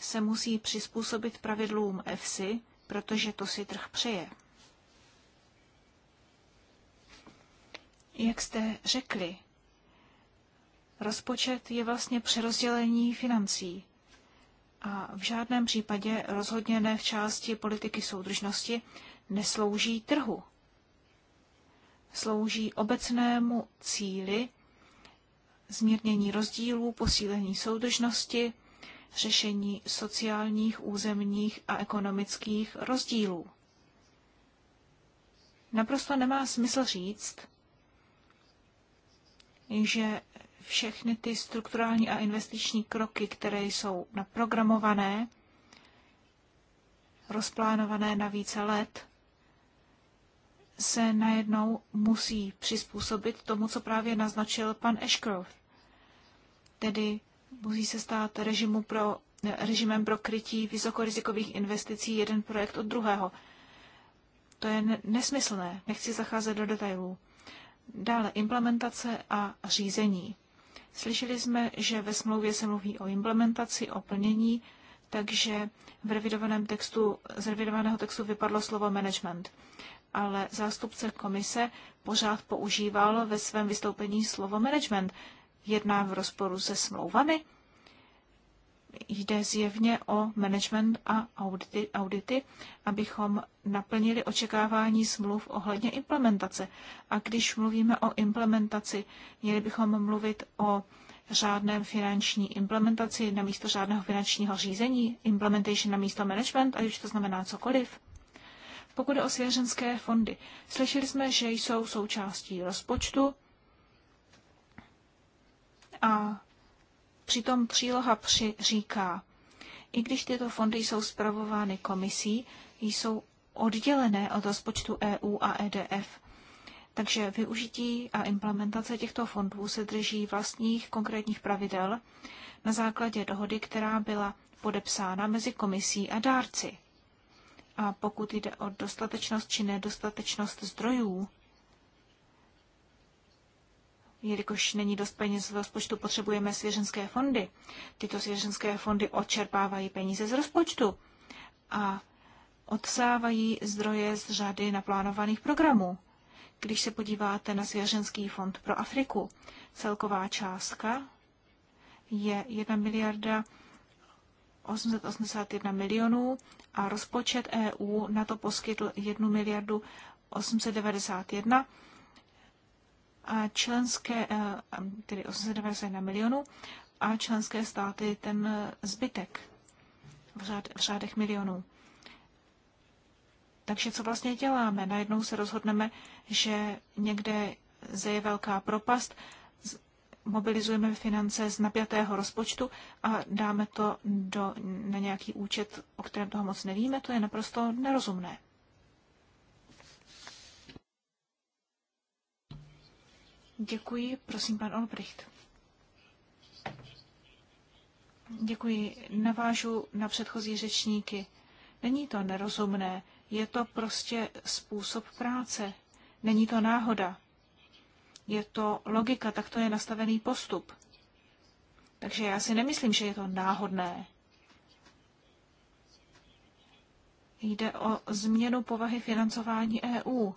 se musí přizpůsobit pravidlům EFSI, protože to si trh přeje. Jak jste řekli, rozpočet je vlastně přerozdělení financí a v žádném případě rozhodně ne v části politiky soudržnosti neslouží trhu. Slouží obecnému cíli zmírnění rozdílů, posílení soudržnosti, řešení sociálních, územních a ekonomických rozdílů. Naprosto nemá smysl říct, že všechny ty strukturální a investiční kroky, které jsou naprogramované, rozplánované na více let, se najednou musí přizpůsobit tomu, co právě naznačil pan Ashcroft. Tedy musí se stát režimu pro, režimem pro krytí vysokorizikových investicí jeden projekt od druhého. To je nesmyslné, nechci zacházet do detailů. Dále implementace a řízení. Slyšeli jsme, že ve smlouvě se mluví o implementaci, o plnění, takže v revidovaném textu, z revidovaného textu vypadlo slovo management. Ale zástupce komise pořád používal ve svém vystoupení slovo management. Jedná v rozporu se smlouvami? jde zjevně o management a audity, audity, abychom naplnili očekávání smluv ohledně implementace. A když mluvíme o implementaci, měli bychom mluvit o řádném finanční implementaci na místo řádného finančního řízení, implementation na místo management, ať už to znamená cokoliv. Pokud je o svěřenské fondy, slyšeli jsme, že jsou součástí rozpočtu a Přitom příloha při říká, i když tyto fondy jsou zpravovány komisí, jsou oddělené od rozpočtu EU a EDF. Takže využití a implementace těchto fondů se drží vlastních konkrétních pravidel na základě dohody, která byla podepsána mezi komisí a dárci. A pokud jde o dostatečnost či nedostatečnost zdrojů, jelikož není dost peněz v rozpočtu, potřebujeme svěřenské fondy. Tyto svěřenské fondy odčerpávají peníze z rozpočtu a odsávají zdroje z řady naplánovaných programů. Když se podíváte na Svěřenský fond pro Afriku, celková částka je 1 miliarda 881 milionů a rozpočet EU na to poskytl 1 miliardu 891 a členské, eh, tedy 891 milionů, a členské státy ten eh, zbytek v, řád, v řádech milionů. Takže co vlastně děláme? Najednou se rozhodneme, že někde je velká propast, mobilizujeme finance z napjatého rozpočtu a dáme to do, na nějaký účet, o kterém toho moc nevíme, to je naprosto nerozumné. Děkuji, prosím, pan Olbricht. Děkuji. Navážu na předchozí řečníky. Není to nerozumné, je to prostě způsob práce. Není to náhoda. Je to logika, tak to je nastavený postup. Takže já si nemyslím, že je to náhodné. Jde o změnu povahy financování EU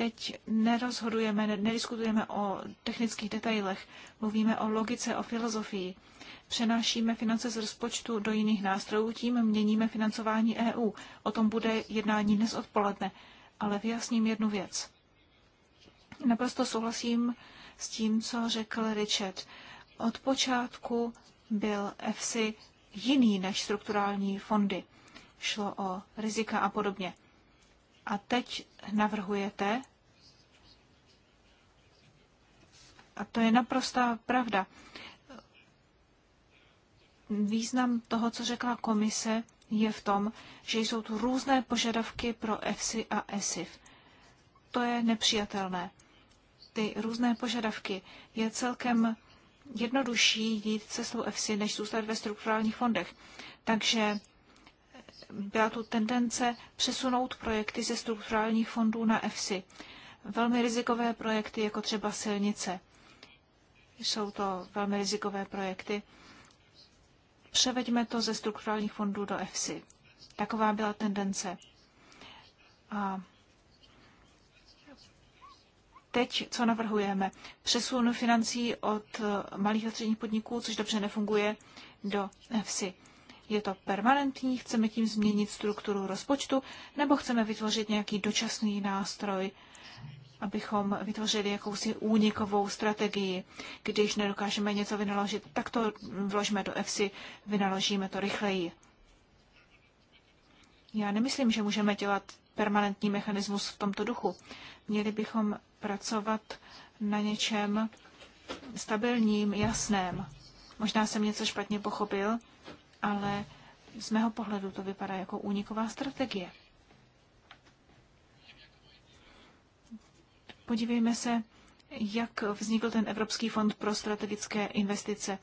teď nerozhodujeme, nediskutujeme o technických detailech, mluvíme o logice, o filozofii. Přenášíme finance z rozpočtu do jiných nástrojů, tím měníme financování EU. O tom bude jednání dnes odpoledne. Ale vyjasním jednu věc. Naprosto souhlasím s tím, co řekl Richard. Od počátku byl EFSI jiný než strukturální fondy. Šlo o rizika a podobně. A teď navrhujete, A to je naprostá pravda. Význam toho, co řekla komise, je v tom, že jsou tu různé požadavky pro EFSI a ESIF. To je nepřijatelné. Ty různé požadavky je celkem jednodušší jít cestou EFSI, než zůstat ve strukturálních fondech. Takže byla tu tendence přesunout projekty ze strukturálních fondů na EFSI. Velmi rizikové projekty, jako třeba silnice. Jsou to velmi rizikové projekty. Převeďme to ze strukturálních fondů do EFSI. Taková byla tendence. A teď, co navrhujeme? Přesun financí od malých a středních podniků, což dobře nefunguje, do EFSI. Je to permanentní, chceme tím změnit strukturu rozpočtu, nebo chceme vytvořit nějaký dočasný nástroj, abychom vytvořili jakousi únikovou strategii. Když nedokážeme něco vynaložit, tak to vložíme do EFSI, vynaložíme to rychleji. Já nemyslím, že můžeme dělat permanentní mechanismus v tomto duchu. Měli bychom pracovat na něčem stabilním, jasném. Možná jsem něco špatně pochopil, ale z mého pohledu to vypadá jako úniková strategie. Podívejme se, jak vznikl ten Evropský fond pro strategické investice.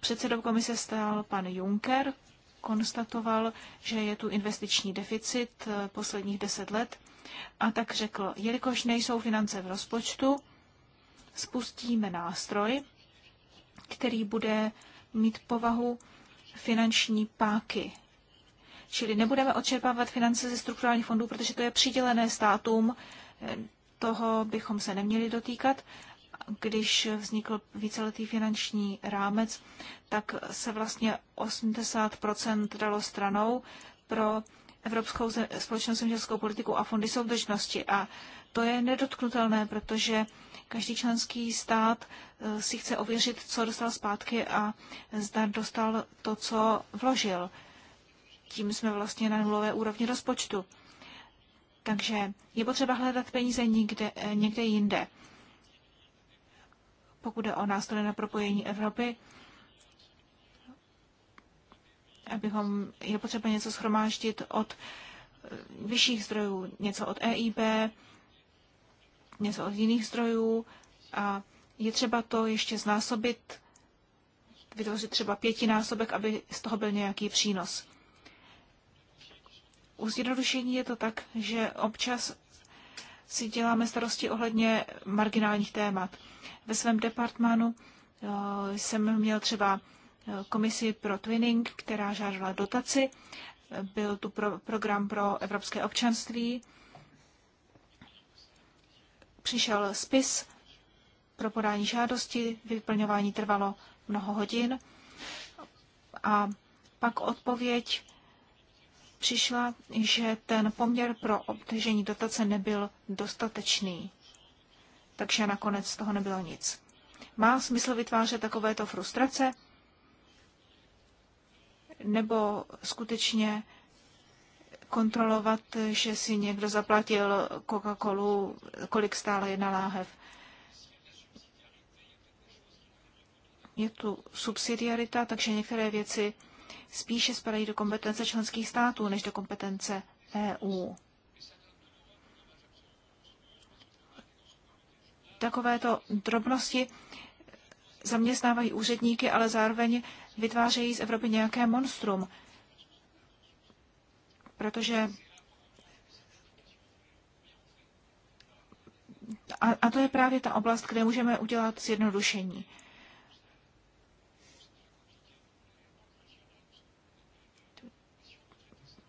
Předsedou komise stál pan Juncker, konstatoval, že je tu investiční deficit eh, posledních deset let a tak řekl, jelikož nejsou finance v rozpočtu, spustíme nástroj, který bude mít povahu finanční páky. Čili nebudeme odčerpávat finance ze strukturálních fondů, protože to je přidělené státům eh, toho bychom se neměli dotýkat. Když vznikl víceletý finanční rámec, tak se vlastně 80 dalo stranou pro Evropskou společnou zemědělskou politiku a fondy soudržnosti. A to je nedotknutelné, protože každý členský stát eh, si chce ověřit, co dostal zpátky a zda dostal to, co vložil. Tím jsme vlastně na nulové úrovni rozpočtu. Takže je potřeba hledat peníze někde, eh, někde jinde. Pokud je o nástroje na propojení Evropy, abychom, je potřeba něco schromáždit od eh, vyšších zdrojů, něco od EIB, něco od jiných zdrojů a je třeba to ještě znásobit, vytvořit třeba pětinásobek, aby z toho byl nějaký přínos. U zjednodušení je to tak, že občas si děláme starosti ohledně marginálních témat. Ve svém departmánu eh, jsem měl třeba eh, komisi pro twinning, která žádala dotaci. Byl tu pro, program pro evropské občanství. Přišel spis pro podání žádosti, vyplňování trvalo mnoho hodin. A pak odpověď přišla, že ten poměr pro obtežení dotace nebyl dostatečný. Takže nakonec z toho nebylo nic. Má smysl vytvářet takovéto frustrace? Nebo skutečně kontrolovat, že si někdo zaplatil Coca-Colu, kolik stála jedna láhev? Je tu subsidiarita, takže některé věci spíše spadají do kompetence členských států než do kompetence EU. Takovéto drobnosti zaměstnávají úředníky, ale zároveň vytvářejí z Evropy nějaké monstrum, protože a, a to je právě ta oblast, kde můžeme udělat zjednodušení.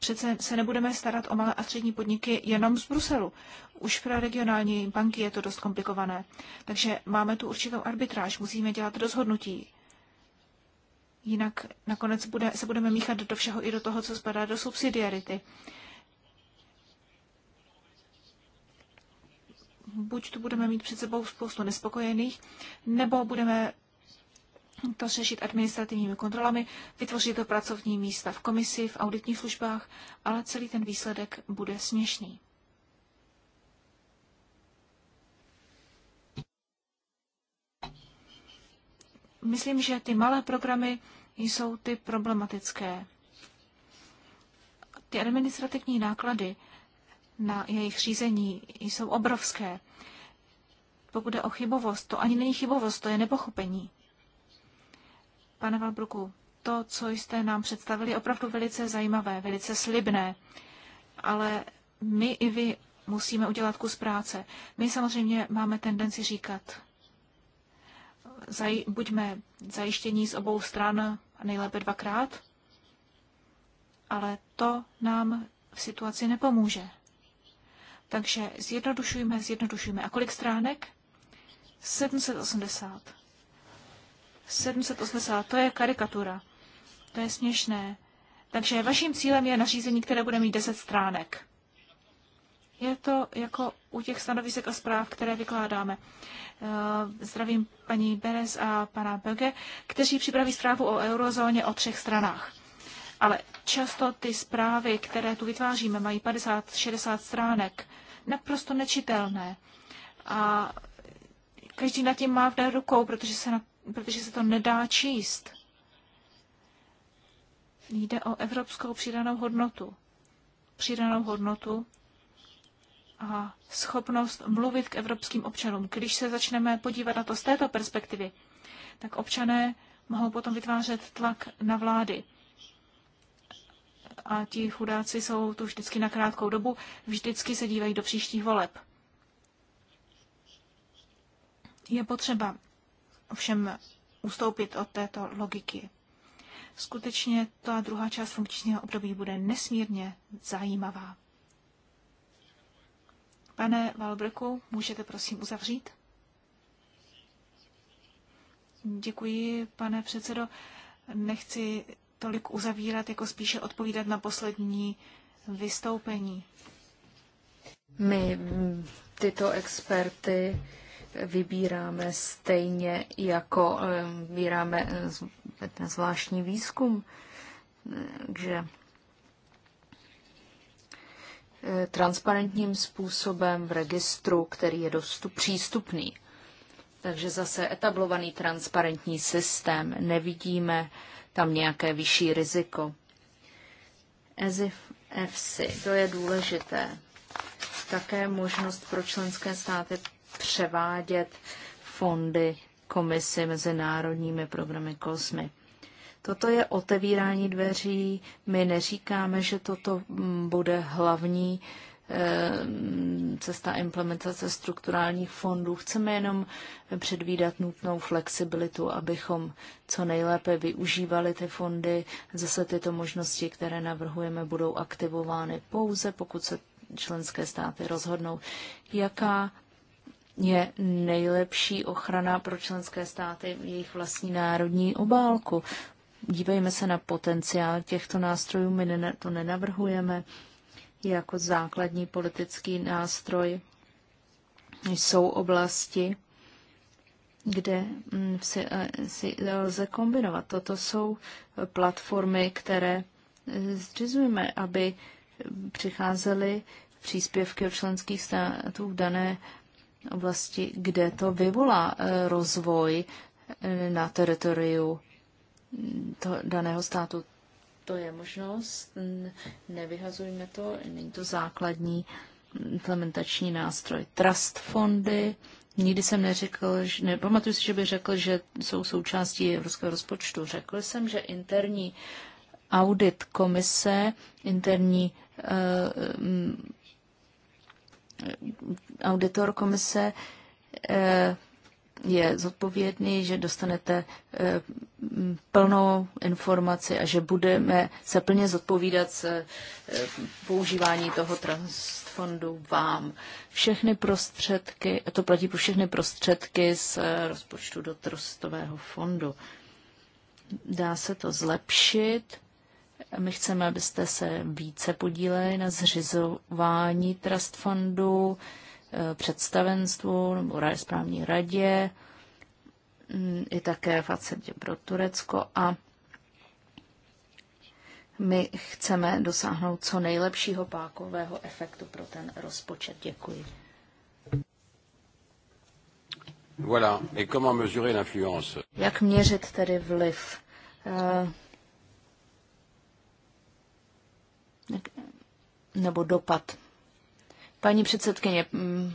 Přece se nebudeme starat o malé a střední podniky jenom z Bruselu. Už pro regionální banky je to dost komplikované. Takže máme tu určitou arbitráž, musíme dělat rozhodnutí. Jinak nakonec bude, se budeme míchat do všeho i do toho, co spadá do subsidiarity. buď tu budeme mít před sebou spoustu nespokojených, nebo budeme to řešit administrativními kontrolami, vytvoří to pracovní místa v komisi, v auditních službách, ale celý ten výsledek bude směšný. Myslím, že ty malé programy jsou ty problematické. Ty administrativní náklady na jejich řízení jsou obrovské. Pokud je o chybovost, to ani není chybovost, to je nepochopení. Pane Valbruku, to, co jste nám představili, je opravdu velice zajímavé, velice slibné, ale my i vy musíme udělat kus práce. My samozřejmě máme tendenci říkat, zaj, buďme zajištění z obou stran a nejlépe dvakrát, ale to nám v situaci nepomůže. Takže zjednodušujme, zjednodušujme. A kolik stránek? 780. 780, to je karikatura. To je směšné. Takže vaším cílem je nařízení, které bude mít 10 stránek. Je to jako u těch stanovisek a zpráv, které vykládáme. Eh, zdravím paní Beres a pana Böge, kteří připraví zprávu o eurozóně o třech stranách. Ale často ty zprávy, které tu vytváříme, mají 50-60 stránek, naprosto nečitelné. A každý nad tím v rukou, protože se na protože se to nedá číst. Jde o evropskou přidanou hodnotu. Přidanou hodnotu a schopnost mluvit k evropským občanům. Když se začneme podívat na to z této perspektivy, tak občané mohou potom vytvářet tlak na vlády. A ti chudáci jsou tu vždycky na krátkou dobu, vždycky se dívají do příštích voleb. Je potřeba ovšem ustoupit od této logiky. Skutečně ta druhá část funkčního období bude nesmírně zajímavá. Pane Valbrku, můžete prosím uzavřít? Děkuji, pane předsedo. Nechci tolik uzavírat, jako spíše odpovídat na poslední vystoupení. My tyto experty vybíráme stejně, jako eh, vybíráme eh, ten zvláštní výzkum. Takže eh, transparentním způsobem v registru, který je dostup, přístupný. Takže zase etablovaný transparentní systém. Nevidíme tam nějaké vyšší riziko. EZIF FC, to je důležité. Také možnost pro členské státy převádět fondy komisi mezinárodními programy kosmy. Toto je otevírání dveří. My neříkáme, že toto mm, bude hlavní cesta implementace strukturálních fondů. Chceme jenom předvídat nutnou flexibilitu, abychom co nejlépe využívali ty fondy. Zase tyto možnosti, které navrhujeme, budou aktivovány pouze, pokud se členské státy rozhodnou, jaká je nejlepší ochrana pro členské státy jejich vlastní národní obálku. Dívejme se na potenciál těchto nástrojů, my to nenavrhujeme jako základní politický nástroj. Jsou oblasti, kde mm, si, eh, si lze kombinovat. Toto jsou platformy, které eh, zřizujeme, aby přicházely příspěvky od členských států v dané oblasti, kde to vyvolá eh, rozvoj eh, na teritoriu mm, to daného státu. To je možnost, nevyhazujme to, není to základní implementační nástroj. Trust fondy, nikdy jsem neřekl, nepamatuju si, že by řekl, že jsou součástí evropského rozpočtu. Řekl jsem, že interní audit komise, interní eh, auditor komise eh, je zodpovědný, že dostanete eh, plnou informaci a že budeme se plně zodpovídat se eh, používání toho trust fondu vám. Všechny prostředky, a to platí pro všechny prostředky z rozpočtu do trustového fondu. Dá se to zlepšit my chceme, abyste se více podíleli na zřizování trust fundu, eh, představenstvu nebo správní radě, mm, i také facetě pro Turecko a my chceme dosáhnout co nejlepšího pákového efektu pro ten rozpočet. Děkuji. Voilà. Et comment mesurer l'influence? Jak měřit tedy vliv? Eh, nebo dopad. Paní předsedkyně, mm,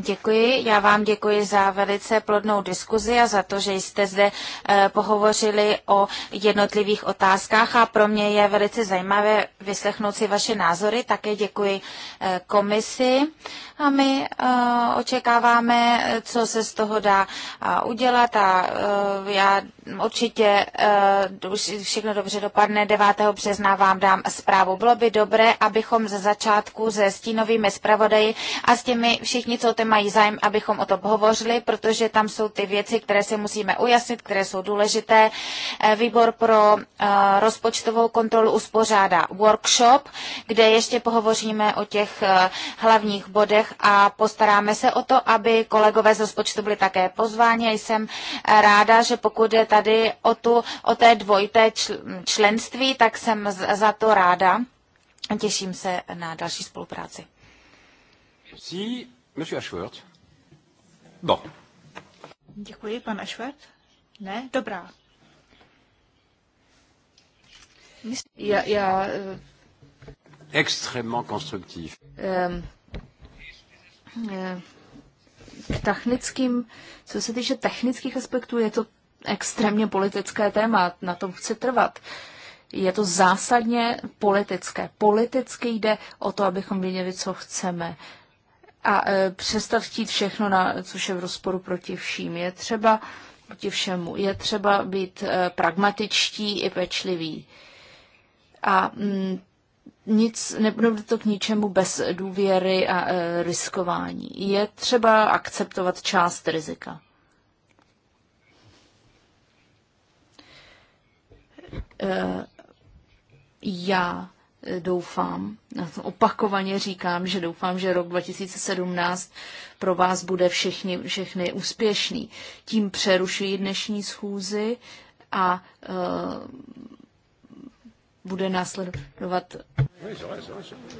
Děkuji, já vám děkuji za velice plodnou diskuzi a za to, že jste zde eh, pohovořili o jednotlivých otázkách a pro mě je velice zajímavé vyslechnout si vaše názory. Také děkuji eh, komisi a my eh, očekáváme, co se z toho dá udělat a já určitě už všechno dobře dopadne. 9. března vám dám zprávu. Bylo by dobré, abychom ze začátku se stínovými zpravodaji a s těmi všichni, co o mají zájem, abychom o tom hovořili, protože tam jsou ty věci, které si musíme ujasnit, které jsou důležité. Eh, výbor pro eh, rozpočtovou kontrolu uspořádá workshop, kde ještě pohovoříme o těch eh, hlavních bodech a postaráme se o to, aby kolegové z rozpočtu byli také pozváni. Já jsem ráda, že pokud je tady o, tu, o té dvojité členství, tak jsem za to ráda. Těším se na další spolupráci. Merci. Monsieur Ashworth. Bon. Děkuji, pan Ashworth. Ne, dobrá. já, já uh, extrêmement konstruktiv. Eh, eh, technickým, co se týče technických aspektů, je to extrémně politické téma, na tom chci trvat. Je to zásadně politické. Politicky jde o to, abychom věděli, co chceme a e, přestat chtít všechno, na, což je v rozporu proti vším. Je třeba proti všemu. Je třeba být e, pragmatičtí i pečliví. A mm, nic, nebude to k ničemu bez důvěry a e, riskování. Je třeba akceptovat část rizika. E, já doufám, opakovaně říkám, že doufám, že rok 2017 pro vás bude všechny, všechny úspěšný. Tím přerušuji dnešní schůzi a uh, bude následovat.